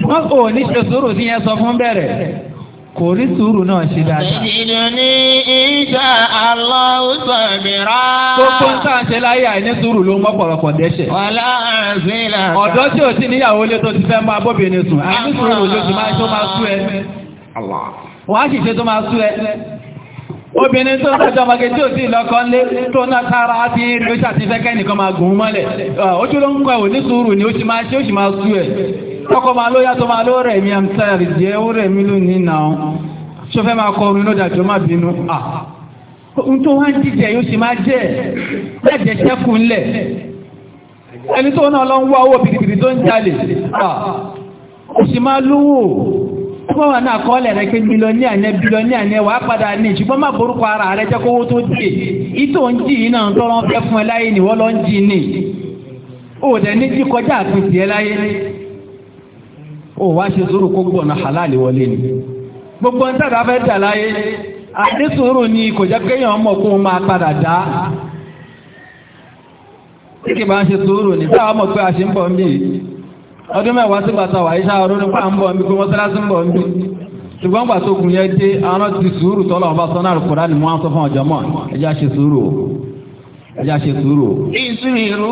Speaker 1: wọ́n kò ní ṣe sùúrù tí yẹn sọ fún bẹ̀rẹ̀ kò rí sùúrù náà ṣe dáadáa. ìdùnnú ní insha Allah gbogbo ń tàn ṣe láyé àìní sùúrù ló ń mọ́pọ̀lọpọ̀ dẹ́ṣẹ̀. wàlá àzìlà. ọ̀dọ́ tí ò sí níyàwó lé tó ti fẹ́ máa sùn àìní sùúrù ló ti máa tó máa sú ẹ. sì ṣe tó máa sú ẹ.
Speaker 2: obìnrin tó ń tàjọ ọmọge tí ò sí
Speaker 1: ti rí ó ọkọ̀ máa ló yàtọ̀ máa ló rẹ̀ mi àmsáyàrì jẹ́ ó rẹ̀ mi lónìí náà ṣọ́fẹ́ máa kọ orin lọ́dà jọ má bínú à ń tó wá ń jíjẹ yóò sì máa jẹ́ ẹ̀jẹ̀ ṣẹ́kù ńlẹ̀ ẹni tó náà lọ ń wá owó bìbìbì tó ń jalè à ó sì máa lówó wọ́n wà náà kọ́ lẹ̀rẹ̀ pé mílíọ̀nìà ní bílíọ̀nìà ní wàá padà ní ṣùgbọ́n má borúkọ ara rẹ̀ jẹ́ kówó tó dé ìtò ń jì iná tọ́rọ fẹ́ fún ẹ láyé ni wọ́n lọ ń jì ní òòdẹ̀ ní jí àpèsè ẹ láyé ó wá ṣe sùúrù kó gbọ̀nà halal wọlé ni gbogbo ń tàdá fẹ́ dà láyé àti sùúrù ni kò jẹ́ kéèyàn mọ̀ kó máa padà dá tí kì bá ń ṣe sùúrù ní táwọn mọ̀ pé a ṣe ń bọ̀ ń bí ọdún mẹ́wàá sí gbàtà wà iṣẹ́ ọdún nípa ń bọ̀ ń bí mọ́sálásí ń bọ̀ ń ṣùgbọ́n gbà tó kùn yẹ dé àwọn ti sùúrù tọ́lọ̀ ọba sọ náà kúrá ni wọ́n sọ fún ọjọ́ mọ́ ẹjá ṣe sùúrù ẹjá ṣe sùúrù. ìsúrù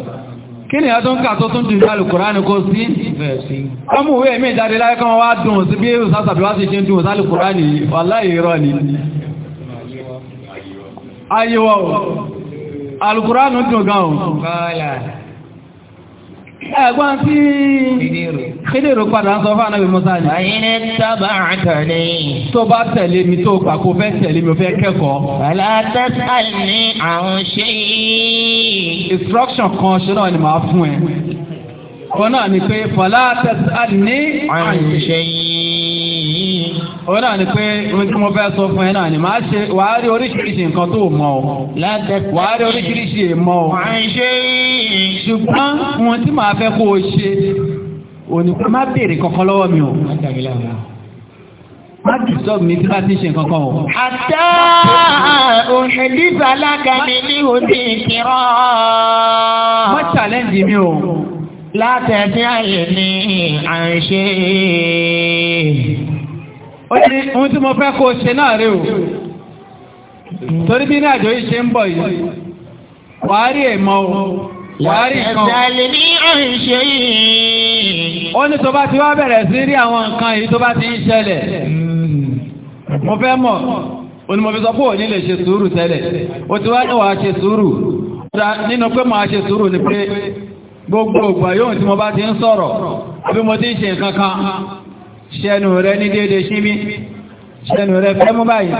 Speaker 1: kí ni àtún ká tó tún dùn ìdálù kùránì kó sí ọmọ òwe mi ìdáde láyé kan wá dùn sí bí èrò sásàbí wá sí ṣe dùn ìdálù kùránì ni ayíwọ̀
Speaker 2: alùkùránì dùn
Speaker 1: gan-an ẹ̀gbọ́n tí kídèrò padà sọ fún anábì Musa ni. àyìn tábà àtàlẹ. tó bá tẹ̀lé mi tó gbà kó fẹ́ tẹ̀lé mi ò fẹ́ kẹ́kọ̀ọ́. bàlá tẹ́tà ní àwọn ṣe yìí. instruction kan ṣe náà ni màá fún ẹ. kan ni pé bàlá tẹ́tà ní àwọn ṣe yìí òun náà ni pé ohun tí mo fẹ́ sọ fún ẹ náà ni máa ṣe wà á rí oríṣiríṣi nǹkan tó mọ̀ ọ́ wà á rí oríṣiríṣi èèmọ̀ ọ́ ṣùgbọ́n ohun tí màá fẹ́ kó o ṣe òní má béèrè kankan lọ́wọ́ mi o má dùsọ́ mi tí bá ti ṣe kankan o. àtà òṣèlú alága mi ní òde ìkìrọ̀. wọ́n challenge mi o. látẹ̀sí àyè ni à ń ṣe ó ohun tí mo fẹ́ kó ṣe náà rí o torí bí ní àjò ìṣe ń bọ̀ yìí wàá rí èèmọ̀ o wàá rí nǹkan
Speaker 3: o ó ní tó bá ti wá bẹ̀rẹ̀ sí rí àwọn nǹkan yìí tó bá ti ń ṣẹlẹ̀
Speaker 1: mo fẹ́ mọ̀ lè ṣe sùúrù tẹ́lẹ̀ o ti sọ̀rọ̀ mo ti ń ṣe nǹkan ṣẹnu rẹ ní déédé ṣíbí ṣẹnu rẹ fẹ́ mú báyìí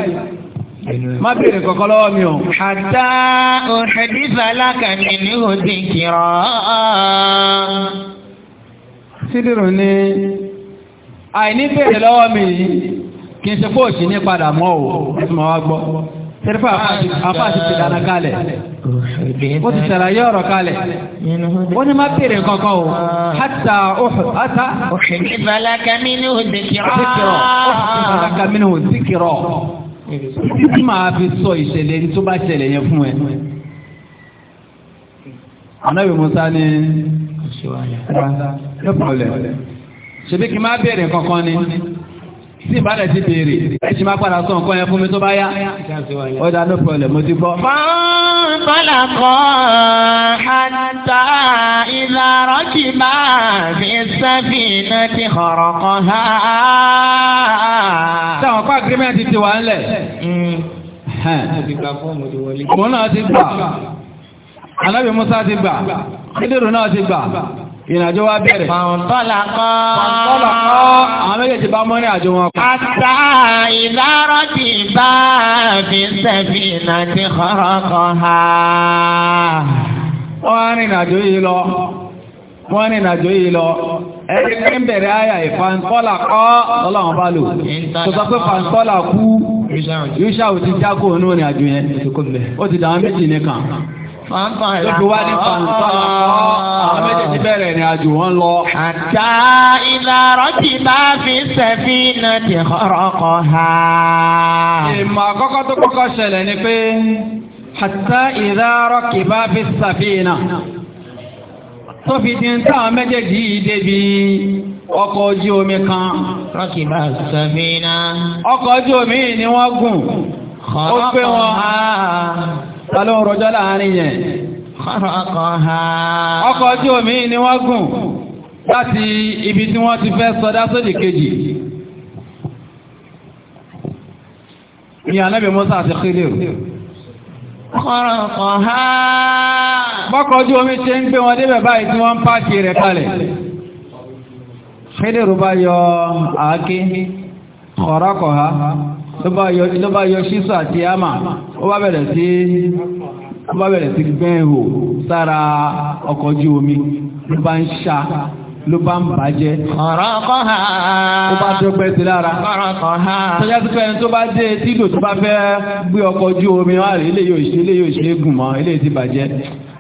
Speaker 1: má bèèrè kọ̀kọ́ lọ́wọ́ mi o. àtà òṣèdífà alákàní ní òde kìrọ̀. sídìrù ni àìní bèèrè lọ́wọ́ mi kì í ṣe fóòsì ní padà mọ́ o ẹ máa wá gbọ́ sẹ́rífà àfa àti tìdáná kalẹ̀ ó ti ṣàlàyé ọ̀rọ̀ kalẹ̀ ó ní má bèrè kankan o hata ọ̀hún hata. ìbálá kamínú zikirọ́. ìbálá kamínú zikirọ́. títí máa fi sọ ìṣẹ̀lẹ̀ tó bá ṣẹlẹ̀ yẹn fún ẹ. anábì musa ní no problem ṣebí kí n má bèrè kankan ni tí ìbára ti béèrè ẹ̀ṣì máa padà sọ nǹkan yẹn fún mi tó bá yá ó dá no problem mo ti gbọ́. fọ́nbọ́là kan hàtà ìlàrọ̀ kì máa fi sẹ́fì náà ti ọ̀rọ̀ kan há. táwọn kọ́ agreement ti wà ńlẹ̀. Hmm. mo náà ti gbà alábì Musa ti gbà kíndìrú náà ti gbà ìrìnàjò wa bẹ̀rẹ̀. Fọ̀ntọ́làkọ́. Fọ̀ntọ́làkọ́. Àwọn méjèèjì bá mọ́ ní àjò wọn kọ. Àtà ìdárọ̀ ti bá fi sẹ́fì náà ti kọ́rọ́ kan ha. Wọ́n á rìn àjò yìí lọ. Wọ́n á rìn àjò yìí lọ. Ẹni ní bẹ̀rẹ̀ àyà ìfàǹtọ́là kọ́ lọ́lọ́wọ́n bá lò. Tó sọ pé fàǹtọ́là kú. Yúṣà ò jákòó nínú ìrìn yẹn. Ó ti dàwọn méjì nìkan lójú wa ní fàǹfà àwọn méjèèjì bẹ̀rẹ̀ ní àjò wọn lọ. àjà ìlàrọ̀ ti bá fi sẹ́fì náà ti kọ́rọ̀ kọ́ ha. ìmọ̀ àkọ́kọ́ tó kọ́kọ́ ṣẹlẹ̀ ni pé àtà ìlàrọ̀ kì bá fi sàfì náà tó fi ti ń táwọn méjèèjì yìí débi ọkọ̀ ojú omi kan. rọ́kì bá sàfì náà. ọkọ̀ ojú omi ni wọ́n gùn. ó pé wọn tàló ń rọjọ́ láàrin yẹn ọkọ̀ ojú omi ni wọ́n gùn láti ibi tí wọ́n ti fẹ́ sọdá sódì kejì ní anábì Musa àti Khidir
Speaker 2: bọ́kọ̀ ojú omi ṣe ń gbé wọn débẹ̀ báyìí tí wọ́n ń pààkì rẹ̀ kalẹ̀
Speaker 1: Khidir bá yọ àáké ọ̀rọ̀kọ̀ ha ló bá yọ ṣíṣà àti àmà ó bá bẹ̀rẹ̀ sí ó bá bẹ̀rẹ̀ sí gbẹ́ẹ̀hò sára ọkọ̀ ojú omi ló bá ń ṣá ló bá ń bàjẹ́. ọ̀rọ̀ kọ́ ha. ó bá dọ́gbẹ́ sí lára. ọ̀rọ̀ kọ́ ha. tọ́jà tó fẹ́ni tó bá dé tí ìlò tó bá fẹ́ gbé ọkọ̀ ojú omi wá rí eléyìí ò ṣe gùn mọ́ eléyìí ti bàjẹ́.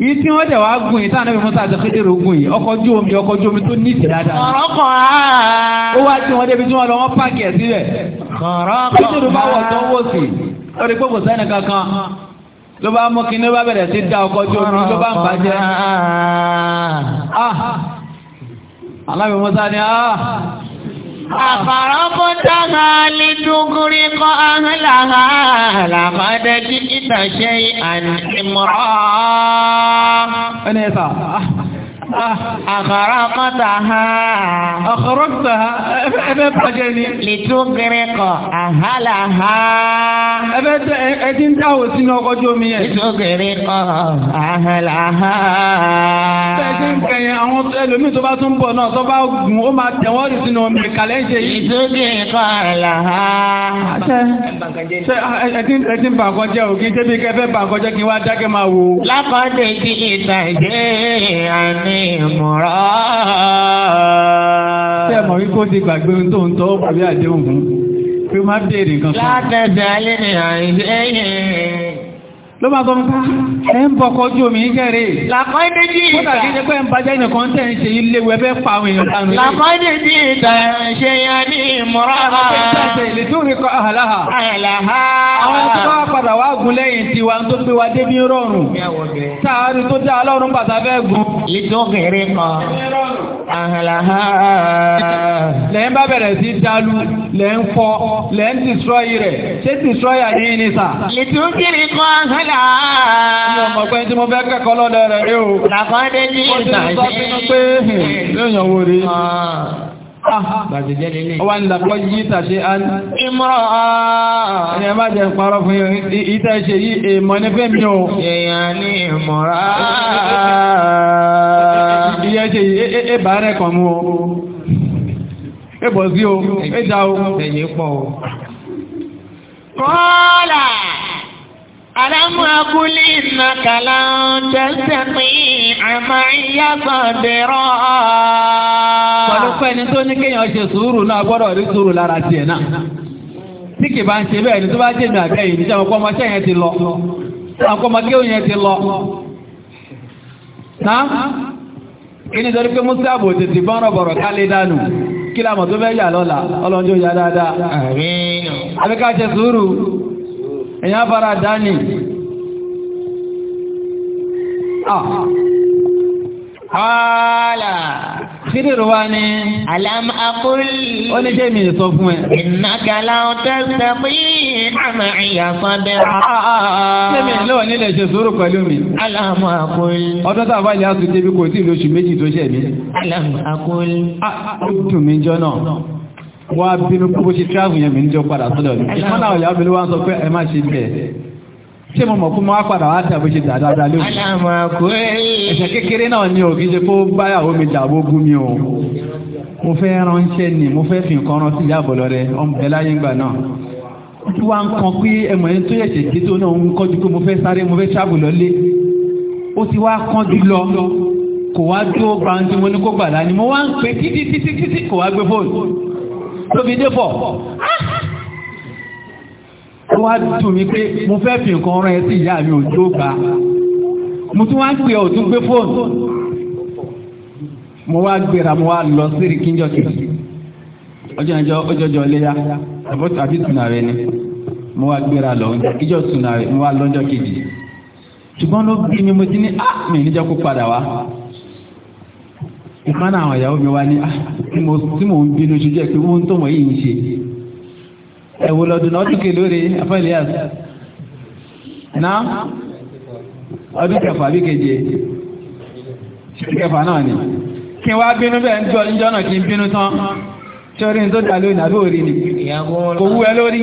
Speaker 1: yìí tí wọ́n dẹ̀ wá gùn yìí táwọn ẹbí musa àti fẹ́dẹ̀rẹ̀ gùn yìí ọkọ̀ ojú omi ọkọ̀ ojú omi tó ní ìtì dáadáa. kọ̀rọ̀kọ̀ á. Ah. ó wá tí wọ́n débi tí wọ́n lọ wọ́n pààkì ẹ̀ sílẹ̀. kọ̀rọ̀kọ̀ á. fẹ́dẹ̀rẹ̀ bá أخربتها لتغرق أهلها لقد جئت شيئا إمرا. Àkọ̀rọ̀ mọ́tà ha. Ọ̀kọ̀rọ̀ gbà ha ẹbẹ̀ bàjẹ́ ni. Lìtú gírí kọ̀ àhálà ha. Ẹbẹ̀ tẹ ẹtí ń dáwọ̀ sínú ọkọ̀ ojú omi yẹn. Lìtú gírí kọ̀ àhálà ha. Bẹ́ẹ̀ ti ń kẹyìn àwọn ẹlòmíì tó bá tún bọ̀ náà tó bá gùn ó máa tẹ̀ wọ́n rí sínú omi kàlẹ́ ń ṣe yìí. Lìtú gírí kọ̀ àhálà ha. Ṣé ẹtí ń bàkọ́ jẹ́ òkè débi kẹfẹ́ bàkọ́ jẹ́ kí wá dákẹ́ máa wò.
Speaker 2: Lákọ̀ọ́dẹ̀ ti ìtàgé àní
Speaker 1: múra. Ṣé ẹ mọ̀ wí kó ti gbàgbé ohun tó ń tọ́ àbí àdéhùn fún? Pé má béèrè nǹkan kan. Látẹ̀dẹ̀ alẹ́ ni àìsí ẹ̀yìn ló máa gọmọ ká ẹ ń bọ̀ kọjú omi kẹrẹ làkọ́ìdéjì ìta kódà kí ṣe pé ń bàjẹ́ nìkan tẹ̀ lẹ́yìn wa débi rọrùn sáárì tó dá ọlọ́run bàtà fẹ́ gùn. ìtòkèrè kan àhàláhà. lẹ́yìn bá bẹ̀rẹ̀ sí dalu lẹ́yìn fọ́ lẹ́yìn destroy rẹ̀ ṣé destroy àdéhìn ni sà. ìtòkèrè kan àhàlá náà. Mi ò mọ̀ pé tí mo fẹ́ kẹ́kọ̀ọ́ lọ́dọ̀ rẹ̀ rí o. Làkọ́dé ní ìtàgé. Mo ti sọ fún un pé lóyún owó rí. Ọwá ni làkọ́ yí tàṣe án. Ìmọ̀ràn àà. Ẹni ẹ má jẹ ìparọ́ fún ìtẹ́ ṣe yí èèmọ̀ ní fẹ́ mi o. Èèyàn ní ìmọ̀ràn àà. Ìyẹ́ ṣe yí ébà o. Ébọ̀ sí o, ألم أقل إنك لن تستطيع معي
Speaker 2: صبرا
Speaker 1: pẹ̀lú tó ní kéèyàn ṣe sùúrù náà gbọ́dọ̀ rí sùúrù lára ẹ̀ náà tí kì bá ń ṣe bẹ́ẹ̀ ni tó bá jẹ̀mí àbẹ́yìn níjà ọkọ ti lọ yẹn ti lọ. náà kí ni torí pé tètè kálé kí làmọ̀ tó fẹ́ yà lọ́la ọlọ́njọ́ yà dáadáa. èyàn bára dání Ààlà ah. Sírìrì wa ni. Àlám akúlì. Ó ní ṣé mi sọ fún ẹ. Ìnàkàlà ọ̀tẹ́sẹ̀ pé àmà ìyá sọ́dẹ̀. Ṣé mi lọ́wọ́ nílẹ̀ ṣe sùúrù pẹ̀lú mi? Àlám akúlì. Ọdún tá a bá lè á kò tí ì lóṣù méjì tó ṣẹ̀ mí. Àlám ah, ah, Ó dùn mí jọ náà wọ́n á bínú kó bó ṣe tíráàbù yẹn mi ń jọ padà sọ́dọ̀ ní. ìfọ́n náà ọ̀yà obìnrin wa sọ pé ẹ má ṣe bẹ́ẹ̀. ṣé mo mọ̀ fún mo wá padà wá tàbí ṣe dáadáa lóhùn. ẹ̀ṣẹ̀ kékeré náà ni òkè ṣe kó báyàwó mi jà bó gún mi o. mo fẹ́ ránṣẹ́ ni mo fẹ́ fi nǹkan rántí ìyàbọ̀ lọ rẹ ọmọbẹ láyé ńgbà náà. tí wàá ń kan pé ẹmọ ẹni tó yẹ̀ṣẹ̀ dé tó náà ń kọjú pé mo fẹ́ sáré mo fẹ́ ṣáàbù lọ́lé. ó ti wá kán jù lọ kò wá dúró gbàǹtí mo ní kó gbàdá ni mo wá ń pè títí títí kò wá gbé fóònù. lóbi dé fọ̀ ó wá dùn mí pé mo fẹ́ fi nǹkan rán ẹ sí ìyá mi òjò gbà mo tún wá ń pè ọ́ tún gbé fóònù mo wá gbéra mo wá lọ sí ìrìkíjọ́ kejì ọjọ́ ìjọ ọjọ́jọ́ léyà àbí tùnà rẹ ni mo wá gbéra lọ ìjọ tùnà rẹ mo wá lọ́jọ́ kejì ṣùgbọ́n ló bí mi mo ti ní á ah, mi níjọ́ kó padà wá. ìkánná àwọn ìyàwó mi wá ní ah, tí mò ń bínú ṣe jẹ́ pé wọ́n tó wọ̀nyí ń ṣe ẹ̀wò lọ́dún náà ọdún kèlóore afẹ́lẹ́yàs náà ọdún kẹfà bí keje kẹfà náà ni kí wá bínú bẹ́ẹ̀ ń jọ níjọ́ náà kí n bínú tán sọ́rí tó dà lónìí àbí òrí ni kò wú ẹ lórí.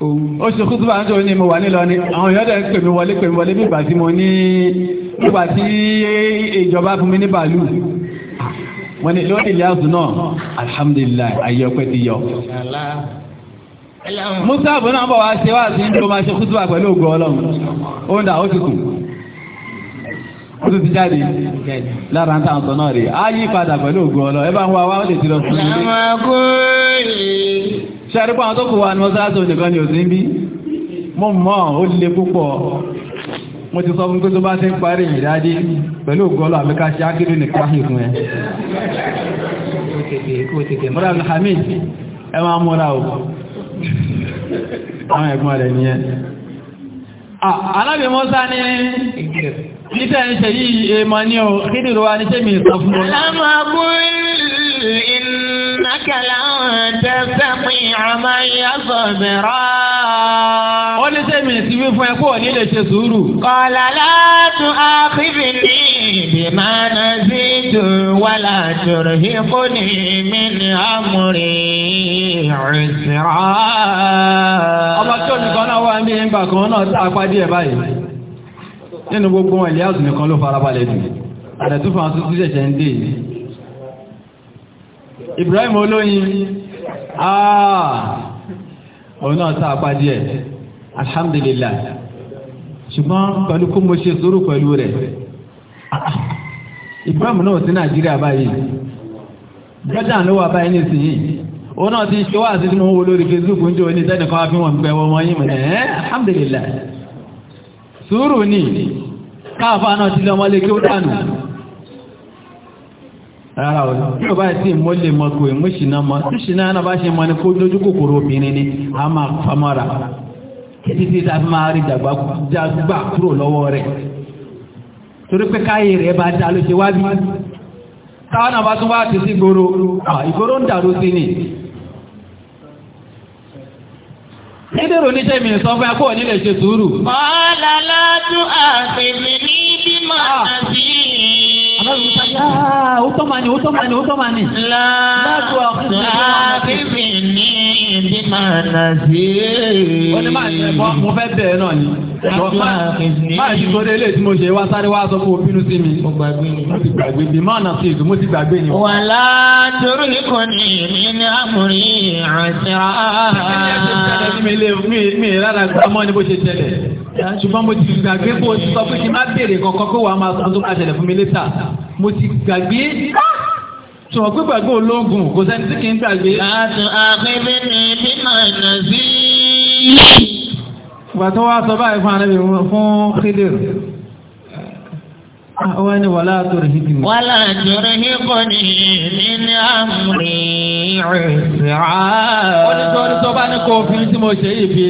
Speaker 1: ó ṣe kútùbà ń tóó ní mo wà nílọ ni àwọn èèyàn dẹ̀ ń pè mí wọlé pè mí wọlé bí ìgbà tí mo ní ìgbà tí ìjọba fún mi ní bàálù wọ́n ní lórí ilé àtún náà alhamdulilayi ayé ọpẹ́ ti yọ.
Speaker 3: musa àbúrò náà bọ̀ wá ṣe wá sí ní kó máa ṣe kútùbà
Speaker 1: pẹ̀lú ògùn ọlọ́run ó ń dà ó ti kù ó tún ti jáde lára ń tàn sọ náà rè á yí padà pẹ̀lú ògùn ọlọ ẹ bá ń wá wá ó lè ti lọ fún mi. sẹ́rí pa àwọn tó kù wa ni mọ́sáàsì nìkan ni ò sí ń bí mo mọ̀ ó le púpọ̀ mo ti sọ fún pé tó bá ti ń parí ìdájí pẹ̀lú ògùn ọlọ àmì ká ṣe nìkan ṣì ẹ. mọ́ra alhamid ẹ máa múra o àwọn ẹ̀gbọ́n rẹ̀ nìyẹn. alábìmọ́sá ni. Níta ń ṣe yìí èèmọ̀ ní o, kídìrò wa ní ṣé mi sọ fún wọn. Lámà kún ìnákàlà tẹ́sẹ̀ mi àmà yàtọ̀ bẹ̀rọ. Ó ní ṣé mi ti wí fún ẹ kó ní lè ṣe sùúrù. Kọ̀lá látún àkíbì ní ìdìmá náà sí ìjò wà látòrò hípò ní mi ní àmúrí ìrìnsìrá. Ọmọ tó nìkan náà wà ní ìgbà kan náà tá pàdé ẹ̀ báyìí nínú gbogbo wọn ilé ààzù nìkan ló farabalẹ̀ jù àdẹ̀tú fún àtúntú ṣẹ̀ṣẹ̀ ń dè Ibrahim olóyin àà ah! òun náà sá apá díẹ̀ alhamdulillah ṣùgbọ́n pẹ̀lú kó mo ṣe sùúrù pẹ̀lú rẹ̀ ah! Ibrahim náà sí Nàìjíríà báyìí brọ́dà ló wà báyìí nísìnyí òun náà ti ṣe wá àti tí mo ń wo lórí Facebook ń jẹ́ oní tẹ́nìkan wá fi wọ́n gbẹ̀wọ́ wọn yìí mọ̀ ẹ́ alhamdulillah sùúrù ní káàfà náà ti lọmọlé kí ó dànù rárá o tí o bá ti mọ́lé mọ́kò ìmúṣìná mọ́ ṣíṣìná náà bá ṣe mọ́ ní kó lójú kòkòrò obìnrin ni a máa famọ́ra títí tí a máa rí dàgbà kúrò lọ́wọ́ rẹ̀ torí pé káyé rẹ̀ bá dá ló ṣe wá bí káwọn ti sí ìgboro ìgboro ń dàrú sí ni Kídèrò níṣẹ́ ah. mi sọ fún akọ́ nílẹ̀ ṣe sùúrù. Ọ̀la látún àgbègbè ní bímọ àti. Àbẹ̀wò sáyà, ó tọ́ ma ó tọ́ ma ó tọ́ ma ni. Látún àgbègbè ní bí máa nà sí. ó ní máa ṣe bọ́ mo fẹ́ bẹ̀rẹ̀ náà ni. máa ṣe sọ délé tí mo ṣe wá sáré wá sọ fún òbínú sí mi. mo gbàgbé ni. mo ti gbàgbé bí máa nà sí ètò mo ti gbàgbé ni. wà látòrò ikọ̀ ni èmi ní àmúrí àti àá. mi lè mi mi rárá gbàmọ́ ni bó ṣe tẹ̀lẹ̀. ṣùgbọ́n mo ti gbàgbé bó ti sọ pé kí n má béèrè kankan kó wàá máa sọ sọ̀rọ̀ pé gbàgbé ológun kò sẹ́ni tí kì í gbàgbé. àtò àpébé
Speaker 3: ni bímọ
Speaker 1: ìnà sí. ìgbà tó wá sọ báyìí fún anábì fún Khidir. Àwọn ah, ẹni wà látòrò hìdì mi. Wà látòrò hìbò ní nínú àmúrí rẹ̀. Ó tó bá ní kó tí mo ṣe yìí fi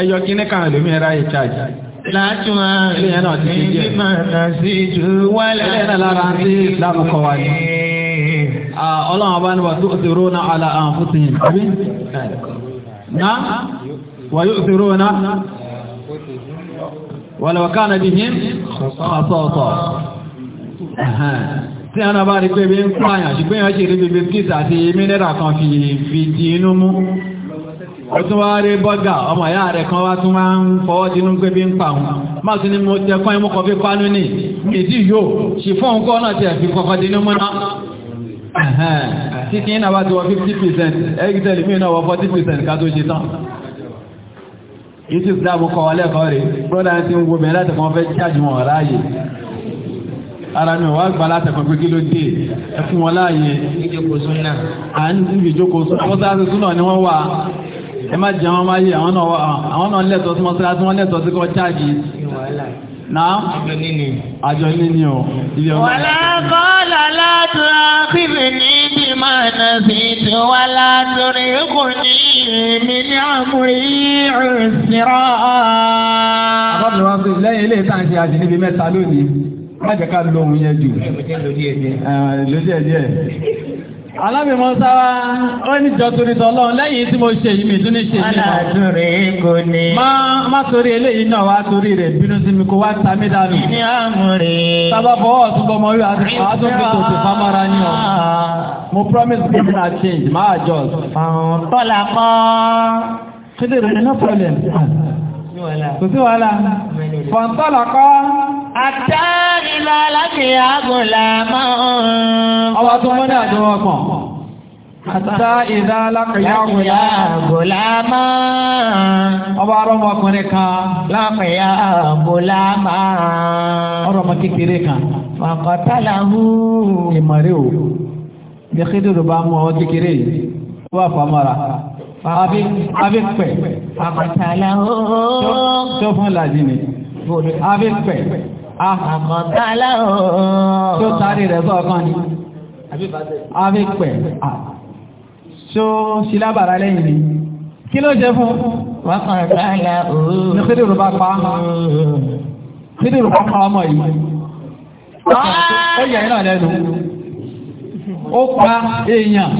Speaker 1: ẹyọ kíní kan lómi ẹ̀rá yìí ṣáàjì látún àárín ìgbìmọ̀ náà sí ìdúró wà láàrin ìlànà kọwàá ní. Ah, ọlọ́run ọba ni wà òṣèrò náà àlà àǹfóṣìyìn àbí náà
Speaker 3: wà òṣèrò náà wà lọ́kàn náà ọ̀sọ̀ọ̀sọ̀ tí a náà bá rí pé bí
Speaker 1: pààyàn ṣùgbọ́n ṣe rí bí biskit kan fi fi di inú mú ó tún wá kan wá tún máa ń fọwọ́ pé bí máa tún ní mo tẹ́kọ́ pánú ní ìdí yóò ṣì fún tí kí náà bá ti wọ 50% ẹgbẹ̀tẹ̀lì mí náà wọ 40% ká tó ṣe tán ìtìsí dáàbò kọ wà lẹ́kọ̀ọ́ rẹ̀ brọ́dá ti ń gbogbo láti kan fẹ́ jáàjì wọn ráyè ara mi wá gbà láti kan pé kí ló dé ẹkùn wọn láàyè ìjókòó súnà Náà. Àjọ níní. Àjọ níní o. Wàlá kọ́lá látúrà fífi ní ibi máa nà sí ti wá látúrí kò ní èmi ní àmúrí ìrìnsìrọ̀. Àbámi wá sí lẹ́yìn ilé ìtàn ṣe àti níbi mẹ́ta lónìí. Má jẹ́ yẹn jù. Alábì Mọ́sá wá, ó ní jọ torí tọ́lọ́ lẹ́yìn tí mo ṣe yìí mi tún ní ṣe sí náà. Aláàdúrè kò ní. Má torí eléyìí náà wá torí rẹ̀ bínú sí mi kó wá ta mí dànù. Ní àmúre. Sábà fọwọ́ ọ̀tún bọ́mọ rí àtúntò tó ti pamọ́ra ní ọ. Mo promise pé mi na change, má adjust. Tọ́lá kọ́. Ṣé lè no problem?
Speaker 2: Kò sí wàhálà. Fọ̀ntọ́lá kọ́. Àtàrí lálábì àgùnlà máa ń. Ọwọ́ tó mọ́dé àdúrà ọkàn.
Speaker 1: Àtà ìdá alákìyà àgùnlà máa ń. Ọba arọ́mọkùnrin kan. Lákìyà àgùnlà máa ń. Ọrọ̀mọ kékeré kan. Fàkọ̀tàlàhù. Ìmọ̀rẹ́ o. Bí Kídìrì bá mú ọ kékeré yìí, wọ́n fàmọ́ra àbí àbí pẹ̀. àkọ̀tàlà ooo. tó fún làjì ni àbí pẹ̀. Àmọ̀tálá ooo. Tó sáré rẹ̀ sọ́ọ̀kan ni. Àbí pẹ̀. Ṣó ṣílábàrá lẹ́yìn ni? Kí ló jẹ fún? Wàkàndálá ooo. Ní Kídìrú bá pa. Kídìrú bá pa ọmọ yìí. Ó yẹ iná lẹ́nu. Ó pa èèyàn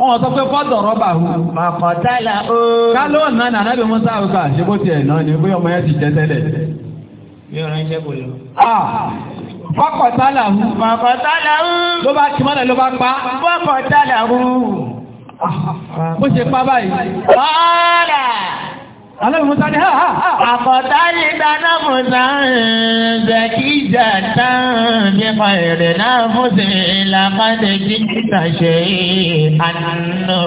Speaker 1: wọ́n sọ pé fọ́dọ̀ rọ́bà hù. Màkọ̀tálà ooo. Ká ló nà nànábì Musa àwùká ṣe bó ti ẹ̀ náà ni bóyá ọmọ yẹn ti jẹ tẹ́lẹ̀ mi ò ránṣẹ́ kò lọ. Ah, Fọ́kọ̀tálà hù. Fọ́kọ̀tálà hù. Ló bá kí mọ́nà ló bá pa. Fọ́kọ̀tálà hù. Bó ṣe pa báyìí? Bọ́ọ̀lá. Alẹ́bí Musa ni háà. Àkọ̀tálì dáná Musa Zẹ̀kí Jàdá nípa èrè náà fún sí ìlàkàdé tí kìtà ṣe ànú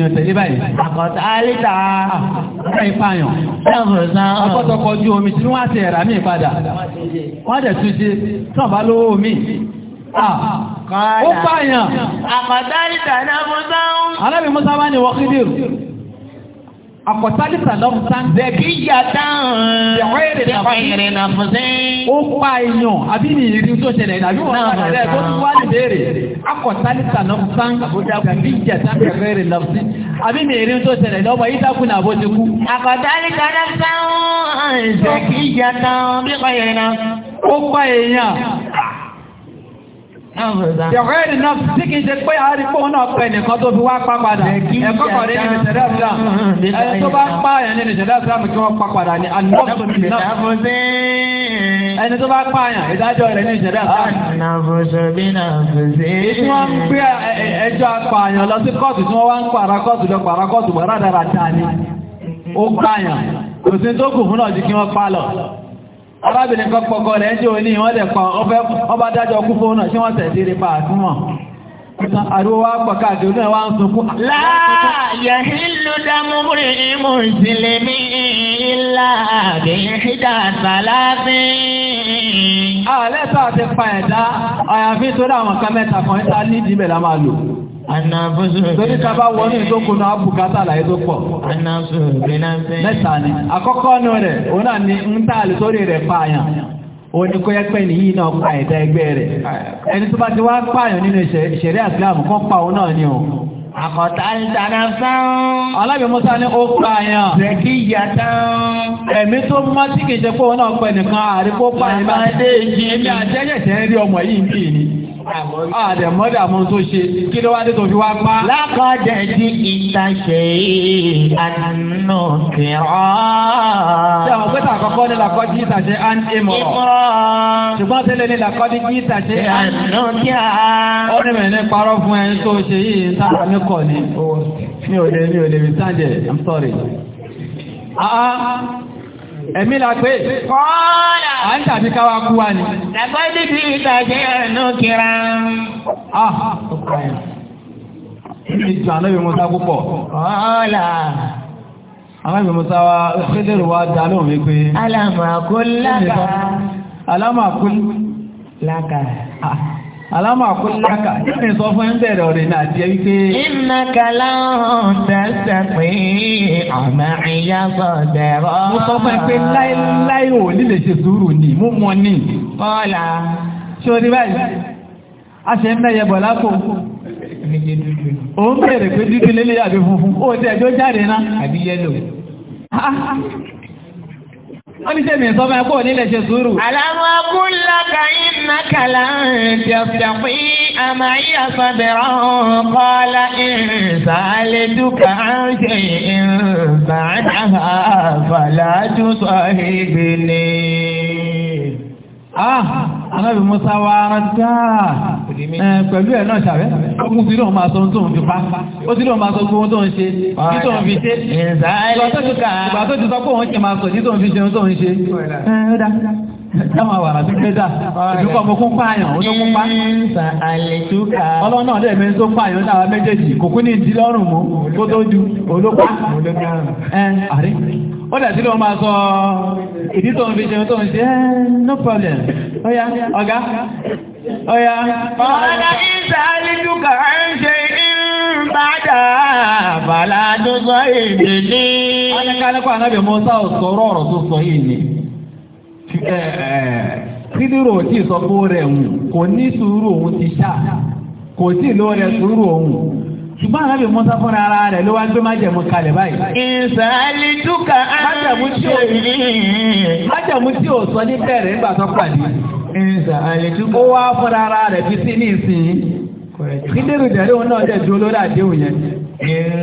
Speaker 1: èèyàn tẹ̀lé báyìí. àkọ́tà alítà. ọ̀rọ̀ ìpààyàn. ọkọ̀tọ̀ kọjú omi tí wọ́n á ti ẹ̀rà míì padà. wọ́n á dẹ̀ tún ṣe tí wọ́n bá lówó omi. ó pààyàn. àkọ́tà alítà náà Musa. alábì Musa wá ní wọ́kídìrì. Àkọ̀tálì Sàlọ́m Sáńdé. Bẹ̀bí yàtá ọ̀rẹ́ nà fúnṣẹ́. Ó pa èèyàn àbí ní ìrírí tó ṣẹlẹ̀ ìdàbí wọn wà lẹ́rẹ̀ tó tún wá níbèrè. Àkọ̀tálì Sàlọ́m Sáńdé. Bẹ̀bí yàtá ọ̀rẹ́ nà fúnṣẹ́. Àbí ní ìrírí tó ṣẹlẹ̀ lọ́wọ́ yìí dákun náà bó ti kú. Àkọ̀tálì Sàlọ́m Sáńdé. Bẹ̀bí yàtá ọ̀rẹ́ nà fúnṣẹ́. Yọ̀kọ́yẹ̀dì náà tí kìí ṣe pé àárín fóun náà pẹ̀ nìkan tó fi wá pa padà. Ẹ̀kọ́ kan rí nínú ìṣẹ̀dá Islam. Ẹni tó bá pa àyàn nínú ìṣẹ̀dá Islam kí wọ́n pa padà ní àlùfọ́sọ̀ nìkan. Ẹni tó bá pa àyàn ìdájọ́ rẹ̀ nínú ìṣẹ̀dá Islam. Tí wọ́n ń gbé ẹjọ́ apààyàn lọ sí kóòtù tí wọ́n wá ń pàrà kóòtù lọ pàrà kóòtù mọ́ rádaràdà ni. Ó pààyàn. Kò sí tó kù fún náà ju kí wọ́n pa lọ arábìnrin kan pọ̀kọ́ rẹ̀ jẹ́ òní wọ́n lè kan ọba dájọ́ kú fóònà ṣí wọ́n tẹ̀sí rí pàá túnmọ̀ àríwá wá ń sunkún láàyè ìlú dámúrí mùsùlùmí ìlà àgbẹ̀yẹ̀ṣídà sàlábí ààlẹ́sà ti pa ẹ̀dá àyàfi tó dáwọn anafusu bena lórí kaba wọnú ìdókòwò abùkátà la ìdókò. anafusu bena mẹ́ta ni nù rẹ̀ òun náà ni ń tà rẹ̀ pààyàn òun ni kó yẹ pé ní yìí náà pa ẹ̀dá rẹ̀ ẹni tó bá ti wá pààyàn nínú ìṣẹ̀rí pa òun náà ni o. àkọ́tà ń musa ni ó yà ẹ̀mí tó sí ṣe pé òun náà pẹ̀ nìkan àríkó pààyàn bá. àdẹ̀mọ́dà mọ́ tó ṣe kí ló wá dé tó fi wá pa. lákọ̀ọ́dẹ̀ di ìtàṣe àánú kìrọ́. ṣé àwọn pẹ́tà àkọ́kọ́ ní làkọ́jú ìtàṣe án èmọ̀. ṣùgbọ́n tẹ́lẹ̀ ní làkọ́jú ìtàṣe àánú kíá. ó ní mẹ́rin ní parọ́ fún ẹni tó ṣe yìí ń sára mi kọ̀ ni. mi ò lè mi ò lè rí sáǹdẹ̀ I'm sorry.
Speaker 3: Ah, ah.
Speaker 1: Ẹ̀mí la pé. Kọ́ọ̀lá. À ń tàbí káwá kú ah, wa ni. Làbọ́dé bí ìtàgé ẹ̀nù kìrà. Ah, ọkọ ẹ̀. Ìjọ àná bí mo sá púpọ̀. Kọ́ọ̀lá. Àwọn ìbí mo sá wa, Ṣédèrè wa dá lóhùn Ah. Alámọ̀ àkúnláka, ní sọ fún ẹ ń bẹ̀rẹ̀ ọ̀rẹ́ náà jẹ́ wípé. Iná kàlá ọ̀dẹ́sẹ̀ pé ọ̀nà ìyá sọ̀dẹ̀rọ̀. Mo sọ fún ẹ pé láíláí ò ní lè ṣe sùúrù ni, mú mọ ni. Bọ́ọ̀lá. Ṣé o rí báyìí? A ṣe ń mẹ́yẹ bọ̀ lápò. Òun bẹ̀rẹ̀ pé dúdú lélẹ̀ àbí funfun. Ó ti ẹjọ́ jáde náà. Àbí yẹ́lò wọ́n ní sẹ́mi sọ́mọ ẹ̀kọ́ nílẹ̀ ṣe sùúrù. àlàmú akúnláka iná kàlà jẹ̀fẹ̀fẹ̀ àmà yíyá sọ̀bẹ̀rọ̀ kọ́lá ìsàlẹ̀ dúkà ṣe ìbàdàbà fàlájú sọ̀hìbì ni. ah anábì musa wa rántá. Eh, pẹ̀lú ẹ̀ náà ṣàbẹ́ ọkùn sí lóun máa sọ tó ń fi pa ó sí lóun máa sọ gbogbo tó ń ṣe tí tó ń fi ṣe ìgbà tó ti sọ dáwọn àwàrà tó gbé dà ìdúkọ̀ mo kún pààyàn ó tó kún ọlọ́run náà lè mẹ́rin tó pààyàn náà méjèèjì kò ní ìdílọ́rùn mú kó tó ju olópa ẹ̀ eh, àrí ó dàtí ló máa sọ ìdí tó ń fi ṣeun tó ń ṣe eh, no problem ọya ọ̀gá ọya ọ̀gá ìsàlìdúkà ń ṣe ìrìnbádà bàládọ́sọ èdè ní ọjọ́kálẹ́kọ́ anábì mọ́sá ọ̀sọ̀rọ̀ ọ̀rọ̀ tó sọ yìí ni tí ìsọpó rẹ̀ hùn kò ní sùúrù òun ti ṣá kò sí lóore sùúrù òun ṣùgbọ́n àrábì Mùsá fún ara rẹ̀ ló wá gbé májẹ̀mú kalẹ̀ báyìí. ìsàlẹ̀ túkà ájẹ̀mú tí ò sọ ní bẹ̀rẹ̀ nígbà tó pàdé. ìsàlẹ̀ túkà Kídérù dẹ̀rí òun náà dẹ̀dú olórí àdéhùn yẹn.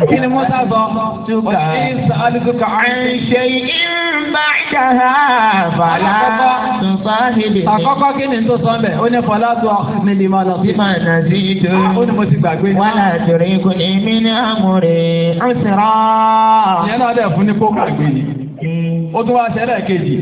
Speaker 1: Kí ni Mọ́sá sọ? Àkọ́kọ́ kí ni tó sọ ń bẹ̀? Ó ní fọlá tó ní lè máa lọ sí. Bí Ó ní mo ti gbàgbé. Wọ́n là ní mí ní Ìyẹn náà dẹ̀ fún ní kó gbàgbé ni. Ó tún wá ṣẹlẹ̀ kejì.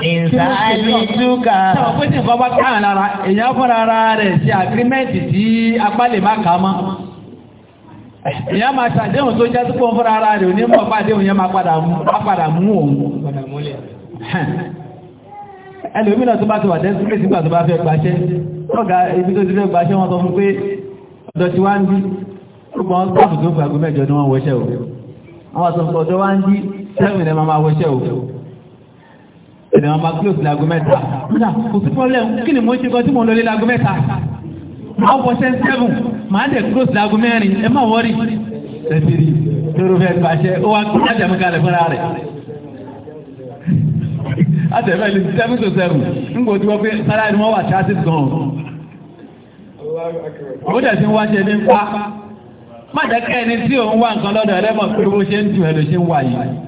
Speaker 1: ìsáàlì túkà. sábà pé tí nǹkan bá káyàn lára èèyàn fúnra ara rẹ̀ ṣe àgírímẹ́ǹtì tí apá lè má kà mọ́. èèyàn máa ṣàdéhùn tó jẹ́ sípò fúnra ara rẹ̀ òní mọ̀ pàdéhùn yẹn padà mú òun. tó bá ti wà tó bá fẹ́ ibi tó ti fẹ́ wọn sọ fún pé ọ̀dọ̀ wá ń tó mẹ́jọ ẹ̀dẹ̀ wọn bá close lago mẹ́ta kódà kò problem kí ni mo ṣe kọ́ tí mo lọ lé lago mẹ́ta máa wọ ṣẹ́ seven máa dẹ̀ close lago mẹ́rin ẹ má wọ́rí ẹ̀sìrì tóró fẹ́ gbàṣẹ ó wá kí ajá mi kalẹ̀ fúnra rẹ̀ àtẹ̀fẹ́ lè seven to seven ń wọ́n wà gan-an ó dẹ̀ ní pa má ẹni tí òun nǹkan lọ́dọ̀ ẹlẹ́mọ̀ pé bó ṣe ń ṣe ń wà yìí.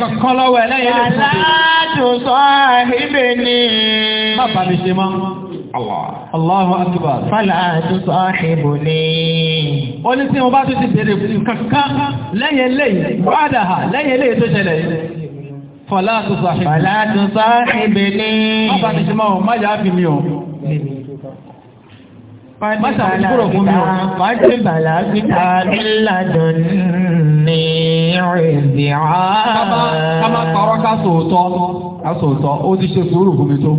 Speaker 1: kankan lọ́wọ́ ẹlẹ́yìn lè fún mi. aláàtúnṣọ́ ìbè ni. má bá mi ṣe mọ́. Allahu akbar. Fàlàtúnṣọ́ ìbò ni. Ó ní tí ti bèèrè kankan lẹ́yìn eléyìí, wádà ha lẹ́yìn eléyìí tó ṣẹlẹ̀ yìí. Fàlàtúnṣọ́ ìbò ni. Má bá
Speaker 2: Máṣà fi kúrò fún mi o. Fàájì bàlá gbìtà nílàdùn ní ìrìndì ààrẹ. Ká máa
Speaker 1: parọ́ ká sòótọ́, ká sòótọ́, ó ti ṣe sùúrù fún mi tó.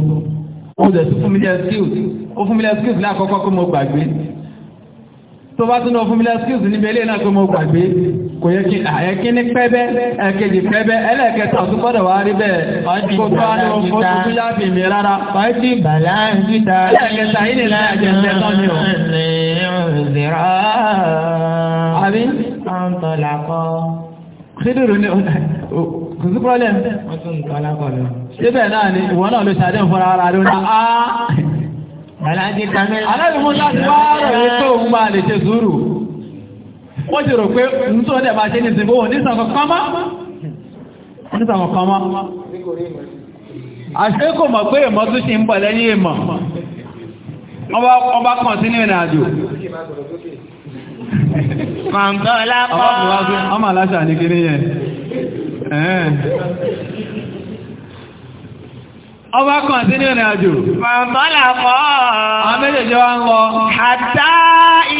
Speaker 1: Ó jẹ̀ sí fún mi lẹ́ skills, ó fún mi lẹ́ skills ní àkọ́kọ́ pé mo gbàgbé tó bá tún lọ fún mílẹ̀ skills níbi ilé náà pé mo gbàgbé kò yẹ kí àyẹ́kí ní pẹ́bẹ́ ẹ̀kejì pẹ́bẹ́ ẹlẹ́ẹ̀kẹta tó gbọ́dọ̀ wá rí bẹ́ẹ̀ kó tó á ní ohun fún tuntun láàbì mi rárá pàtí bàláńtítà ẹlẹ́ẹ̀kẹta yìí nìlẹ́ àjẹsẹ́ tán ni ọ̀ àbí àǹtọ̀làkọ́ kídùrù ní kò sí problem ṣébẹ̀ náà ni ìwọ náà ló ṣàdé fúnra ara rẹ̀ ó ní ala Musa ti wá rọ̀ wípé òun máa lè ṣe sùúrù. Wọ́n ti rò pé ń tó dẹ̀ máa ṣe ní ìsìnkú nísàn kankan mọ́.
Speaker 2: Àṣé kò mọ̀ pé èmọ́ na
Speaker 1: ṣe ń bọ̀ lẹ́yìn èmọ̀.
Speaker 2: Wọ́n kàn sí ní ìrìn àjò.
Speaker 1: ọba kan sí ní àjò. Bọ́lá kọ́. Àwọn méjèèjì wá ń lọ. Àtá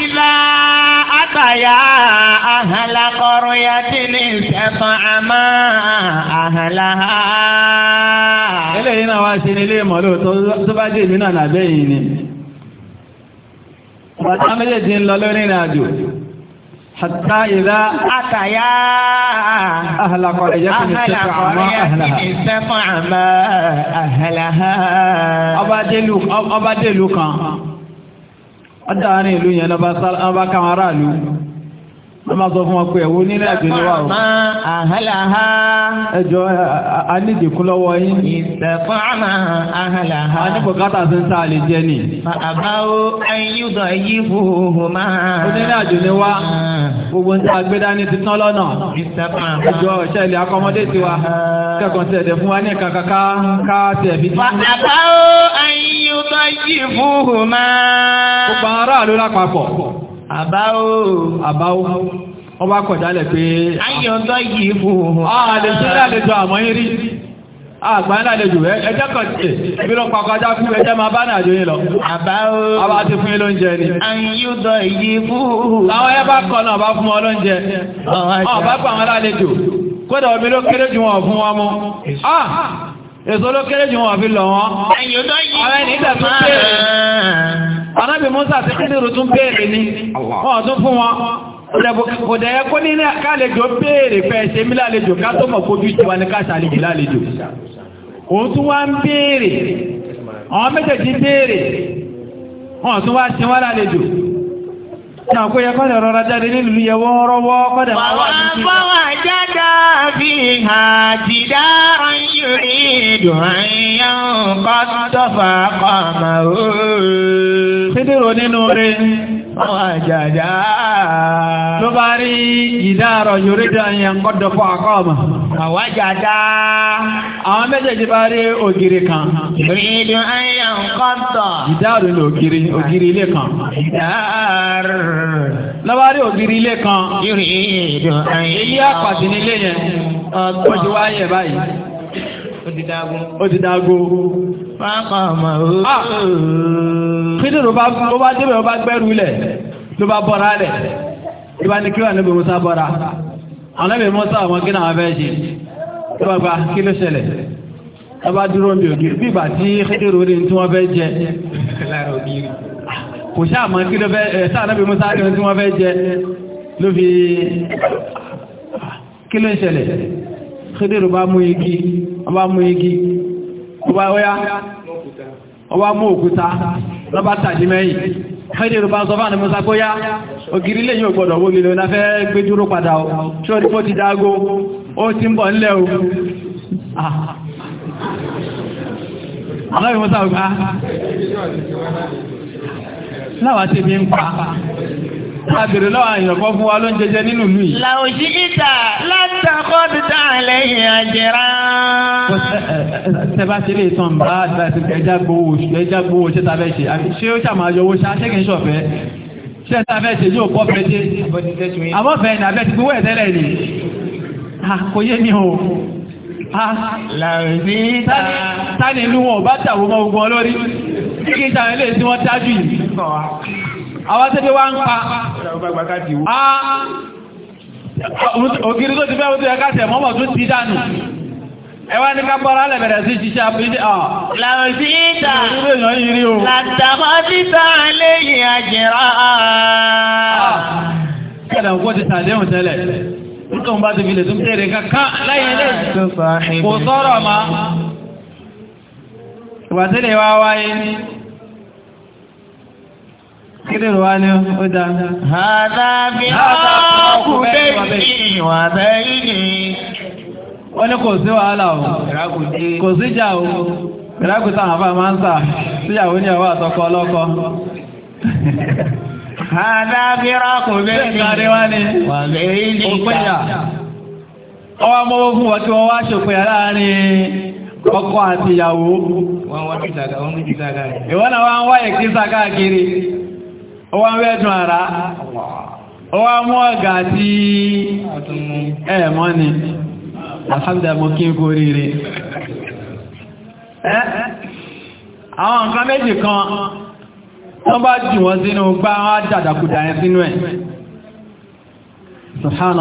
Speaker 1: ilá àtàyà àhàlà ya tí ní ìṣẹ̀fọn àmọ́ àhàlà. Eléyìí náà wá sí ní ilé tó bá ìlú náà ni. ń lọ lórí حتى إذا أتيا أهل قرية استطع ما أهلها ọba délùú kan ọdá àárín ìlú yẹn lọ́ba káwọn aráàlú a máa sọ fún wọn pé ẹ̀wọ́ nílẹ̀ àjò ni wà ó. àhàlàhà. ẹ jọ a ní ìdìkú lọ́wọ́ yín. ìsẹ̀fọ́ àmà àhàlàhà. a ní bùkátà sí ń sá àlè jẹ ni. àbáwo ayúdọ̀ yìí fòhò máa. onílẹ̀ àjò ni wá gbogbo ń tá a gbé dání ti tán lọ́nà. ìsẹ̀fọ́ àmà. ẹ jọ ṣe ilé akọmọdé ti wa kẹ́kọ̀ọ́ ti ẹ̀dẹ̀ fún wa ní kankan ká ká ti ẹ̀bí àbáwo ayúdọ̀ yìí fòhò máa. gbogbo àbáwò àbáwò ọba kọ̀dálẹ̀ pé ah, ayọ̀ntọ́ yìí fún ohun ààlè tí lálejò àmọ́ yìí rí àgbà lálejò ẹjẹ́ kọ̀tẹ̀ bí lọ pàkọjá fún ẹjẹ́ máa bá nàájò yìí lọ àbáwò ọba ti fún ilóúnjẹ ni ayọ̀ntọ́ yìí fún ohun àwọn ẹbá kọ̀ náà bá fún ọlọ́únjẹ ọba pa àwọn lálejò kódà omi ló kéré anábì Musa àti kíndìrù tún béèrè ní wọ́n tún fún wọn kò dẹ̀yẹ kó ní kálejò béèrè fẹ́ ṣe mí lálejò ká tó mọ̀ fojú ìjọba ní káṣà àlejò lálejò òun tún wá ń béèrè àwọn méjèèjì béèrè wọ́n tún wá ṣe wá lálejò náà kó yẹ kọ́lẹ̀ rọra jáde nílùú yẹ wọ́n rọ́wọ́ kọ́lẹ̀ máa wà ní yuridu an yanqadda faqamahu. Sídìrò nínú rẹ̀ àwọn àjàjá. Ló bá rí ìdáàrọ̀ yuridu an yanqadda faqamahu. Àwọn àjàjá. Àwọn méjèèjì bá rí ògiri kan. Yuridu ní ògiri, ògiri ilé kan. Ló bá rí ògiri ilé kan. Yuridu an yanqadda. Ilé àpàtì nílé ó ti dágún. ó ti dágún. fákàmà ooo. Ah! kíndìn ló bá ó bá débẹ̀ ó bá gbẹ́rù lẹ̀ ló bá bọ́ra lẹ̀ ló bá ní kí wà níbi musa bọ́ra àwọn ẹ̀mí musa àwọn kí náà fẹ́ ṣe ló bá gba kí ló ṣẹlẹ̀ ló bá dúró bí ògiri bí ìgbà tí kíndìn ló ní tí wọ́n fẹ́ jẹ kò sáà mọ̀ kí ló fẹ́ ẹ̀ sáà níbi musa rí ní tí wọ́n fẹ́ jẹ ló fi kí ló ń ṣẹlẹ̀ kíndìn ló bá mú igi. ọba mú igi ọba ọya ọba mú òkúta lọ́bá tàjí mẹ́yìn fẹ́dẹ̀rù bá sọ fáà ní ògiri lè padà ọ tí rí ti dágó ó ti ń bọ̀ nílẹ̀ o ah. a bèrè lọ́wọ́ àyàn kan fún wa ló ń jẹjẹ nínú ìlú yìí. làwùjí ìta látàkọ́ dídá lẹ́yìn àjẹrà. sẹ́bá ti lè tán bá àdìbàtì ẹja gbowó ẹja gbowó ṣé ta fẹ́ ṣe ṣé ó ṣàmà yọ ṣá ṣé kì ṣọ̀fẹ́ ṣé ta fẹ́ ṣe yóò kọ́ fẹ́ ṣe. àmọ́ fẹ́ ni àbẹ́ ti gbowó ẹ̀ tẹ́lẹ̀ ni kò yé mi o. làwùjí ìta. tani àwọn tẹ́bí wá ń pa ògiri tó ti fẹ́ òtí ẹ̀ká tẹ̀ mọ́mọ̀ tó ti dánù ẹwà ní kápọ́rọ́ alẹ́bẹ̀rẹ̀ sí ṣiṣẹ́ àpíṣẹ́ ọ̀ làòsíta látàmọ́síta lẹ́yìn àjẹ́rà kẹ́dà òkú ti sàdéhùn tẹ́lẹ̀ nǹkan bá ti filẹ̀ tó ń tẹ̀rẹ̀ kankan láyé lẹ́ kò sọ̀rọ̀ ma ìwà tẹ́lẹ̀ Kíni wá ní ó dá? Hàdá bí ọkùnrin bẹ́ẹ̀ wà bẹ́ẹ̀ ni. Wọ́n ní kò sí wàhálà o, kò sí ìjà o, ìrákùtà àwọn afá máa ń sà síyàwó ní ọwọ́ àtọkọ ọlọ́kọ. Hàdá bí ọkùnrin bẹ́ẹ̀ wà bẹ́ẹ̀ ni. Ọwọ́ mọ́wọ́ fún wọn tí wọ́n wá ṣòpin láàárín ọkọ àti ìyàwó. Wọ́n wá kí wọ́n mú kí Ìwọ́n náà wá ń wáyé kí sàgá kiri. ọwá mẹ́jùn ara ọwá mọ́ ọ̀gá tí ẹ̀mọ́ ni alhamdulillah kí n kó àwọn nǹkan kan tó bá jù wọ́n sínú gbá wọ́n dàdàkúdà ẹ sínú ẹ̀ àwọn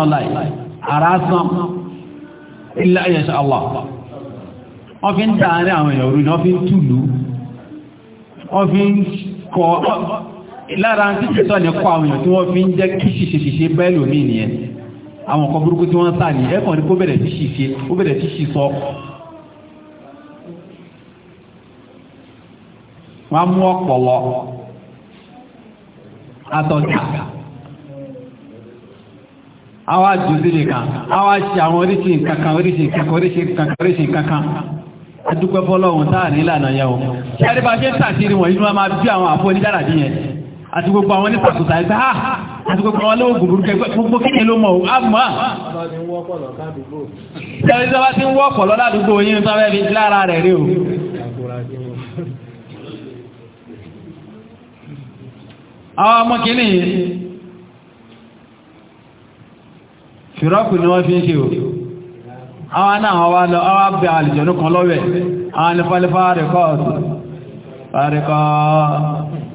Speaker 1: lára tí ṣètọ́ ní kọ́ àwọn èèyàn tí wọ́n fi ń jẹ́ kí ṣìṣìṣe bẹ́ẹ̀lù mí nìyẹn àwọn ọkọ̀ burúkú tí wọ́n ń sáà ní ẹ̀kọ́ ní kó bẹ̀rẹ̀ sí ṣìṣe ó bẹ̀rẹ̀ sí ṣìṣọ́ wọ́n á mú ọ̀pọ̀lọ atọ́jà àwọn àjùsílẹ̀ kan àwọn àṣì àwọn oríṣi nǹkankan oríṣi nǹkankan oríṣi nǹkankan oríṣi nǹkankan adúpẹ́ fọ́lọ́hun táà nílànà yẹn o ṣe àríbáṣẹ́ tàṣírí wọ̀nyí ló máa bí àwọn àfọ́ onídàràdí yẹn àti gbogbo àwọn ní pàtó tàbí ha àti gbogbo àwọn olóògùn burúkú ẹgbẹ́ gbogbo kíkẹ́ ló mọ̀ á ah, mọ̀ á. ìjọba ìjọba ti ń wọ́pọ̀ lọ́dà àdúgbò yín tó fẹ́ fi lára rẹ̀ rí o. àwọn ọmọ kìíní fìrọ́kù ni wọ́n fi ń ṣe o àwọn náà wá lọ àwọn abẹ́ àlìjọ̀nù kan lọ́wẹ̀ àwọn nífàlífà rẹ̀kọ́ọ̀tù rẹ̀kọ́ọ̀tù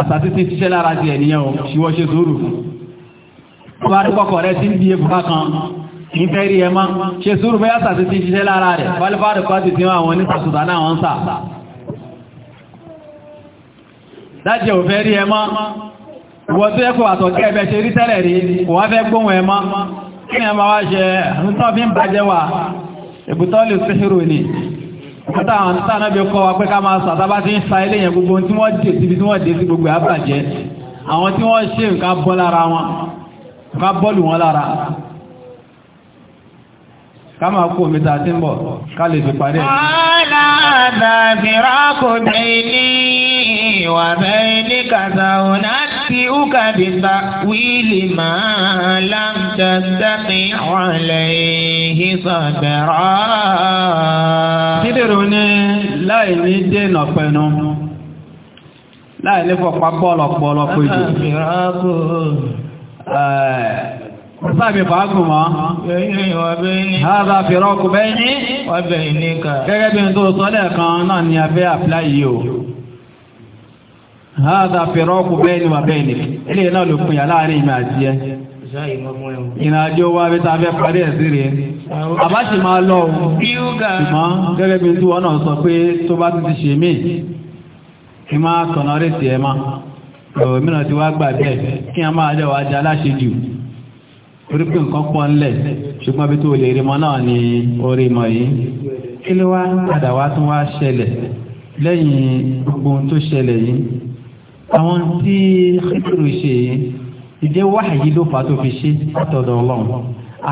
Speaker 1: ọ̀sà títí ṣiṣẹ́ lára ti ẹ̀nìyàn ò ṣíwọ́ ṣe sóòrò fún wọ́n bá dúkọ́kọ̀ rẹ̀ tí ń bí ebùká kan kì í fẹ́ rí ẹ mọ́ ṣe sóòrò bẹ́yà ọ̀sà títí ṣiṣẹ́ lára rẹ̀ fálífàdì kọ́ ti tiwọn wọ́n sà ni ẹ máa wá ṣe àtúntàn fi Ọ̀tá àwọn tí sáà náà bí kọ́ wa pé ká máa sọ àtàbá ń sa ilé gbogbo tí wọ́n dé síbi tí wọ́n dé sí gbogbo àbàjẹ́. Àwọn tí wọ́n ṣe nǹkan bọ́ lára wọn, nǹkan bọ́ọ̀lù wọn lára. Ká máa kó omi ta sí ká lè fi parí ẹ̀. تستطيع عليه صبرا. kídìrún ní láì ní dènà pẹ̀lú láì ní fọ̀pá bọ́ọ̀lọ̀pọ̀lọ̀ fàágùn mọ́. Háàbà fìrọ́kù bẹ́ẹ̀ ní. Gẹ́gẹ́ bí n tó náà ni a fẹ́ yìí o. fìrọ́kù Ilé náà ló láàrin àti ẹ.
Speaker 2: ìrìnàjò
Speaker 1: wa bí ta fẹ́ parí ẹ̀ sí rí àbá sì máa lọ ohun ṣùgbọ́n gẹ́gẹ́ bí tí wọ́n náà sọ pé tó bá ti ti ṣe mí kí máa tọ̀nà rẹ̀ tì ẹ́ ma ọ̀rọ̀ mìíràn ti wá gbà bẹ́ẹ̀ kí a máa jẹ́wàá jẹ́ aláṣejù orí pé nǹkan pọ̀ ńlẹ̀ ṣùgbọ́n bí tó lè rí náà ni orí mọ̀ yìí kí ló wá padà wá tún wá ṣẹlẹ̀ lẹ́yìn gbogbo ohun tó ṣẹlẹ̀ yìí àwọn tí Khidru ṣe yìí ìdí wáhàyí ló fà tó fi ṣe látọ̀dọ̀ ọlọ́run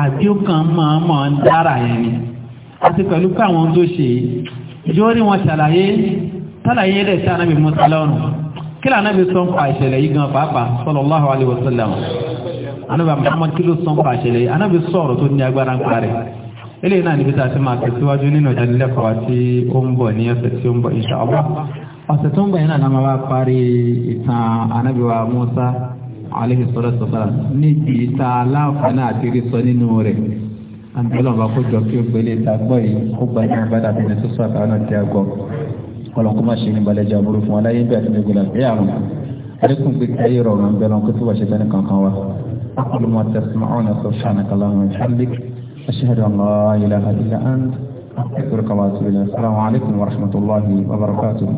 Speaker 1: àbí ó kàn máa máa ń dára yẹn ni àti pẹ̀lú pé àwọn tó ṣe yóò rí wọn ṣàlàyé tálàyé rẹ̀ sí anábì Musa lọ́rùn kí lànà bí sọ ń pa ìṣẹ̀lẹ̀ yìí gan pàápàá sallallahu alaihi wasallam anábì Muhammad kí ló sọ ń pa ìṣẹ̀lẹ̀ yìí anábì sọ̀rọ̀ tó ní agbára ń parẹ́ eléyìí náà níbi tá a ti máa tẹ̀síwájú nínú ìdánilẹ́kọ̀ọ́ tí ó ń bọ̀ ní ọ̀sẹ̀ tí ó ń bọ̀ insha Allah ọ̀sẹ̀ tó ń bọ̀ yìí náà la máa wá parí ìtàn anábì wa Musa aleyhi sọlọtọ sọlá níbi ìta aláǹfààní àti rísọ nínú rẹ̀ àǹtẹ̀lọ́ bá kó jọ kí ó gbélé ta gbọ́ yìí ó gba ní abada tó ní sísọ àtàwọn àti àgọ́
Speaker 2: ọlọ́nkó má ṣe ní balẹ̀jẹ́ àbúrò fún aláyé bí àti gbégbé làbẹ́ àrùn àdínkù gbé ayé rọrùn bẹ́ẹ̀ lọ́nkó tó wà ṣe tẹ́ni kankan wa. أقول ما تسمعون سبحانك اللهم وبحمدك أشهد أن لا إله إلا أنت أستغفرك وأتوب إليك السلام عليكم ورحمة الله وبركاته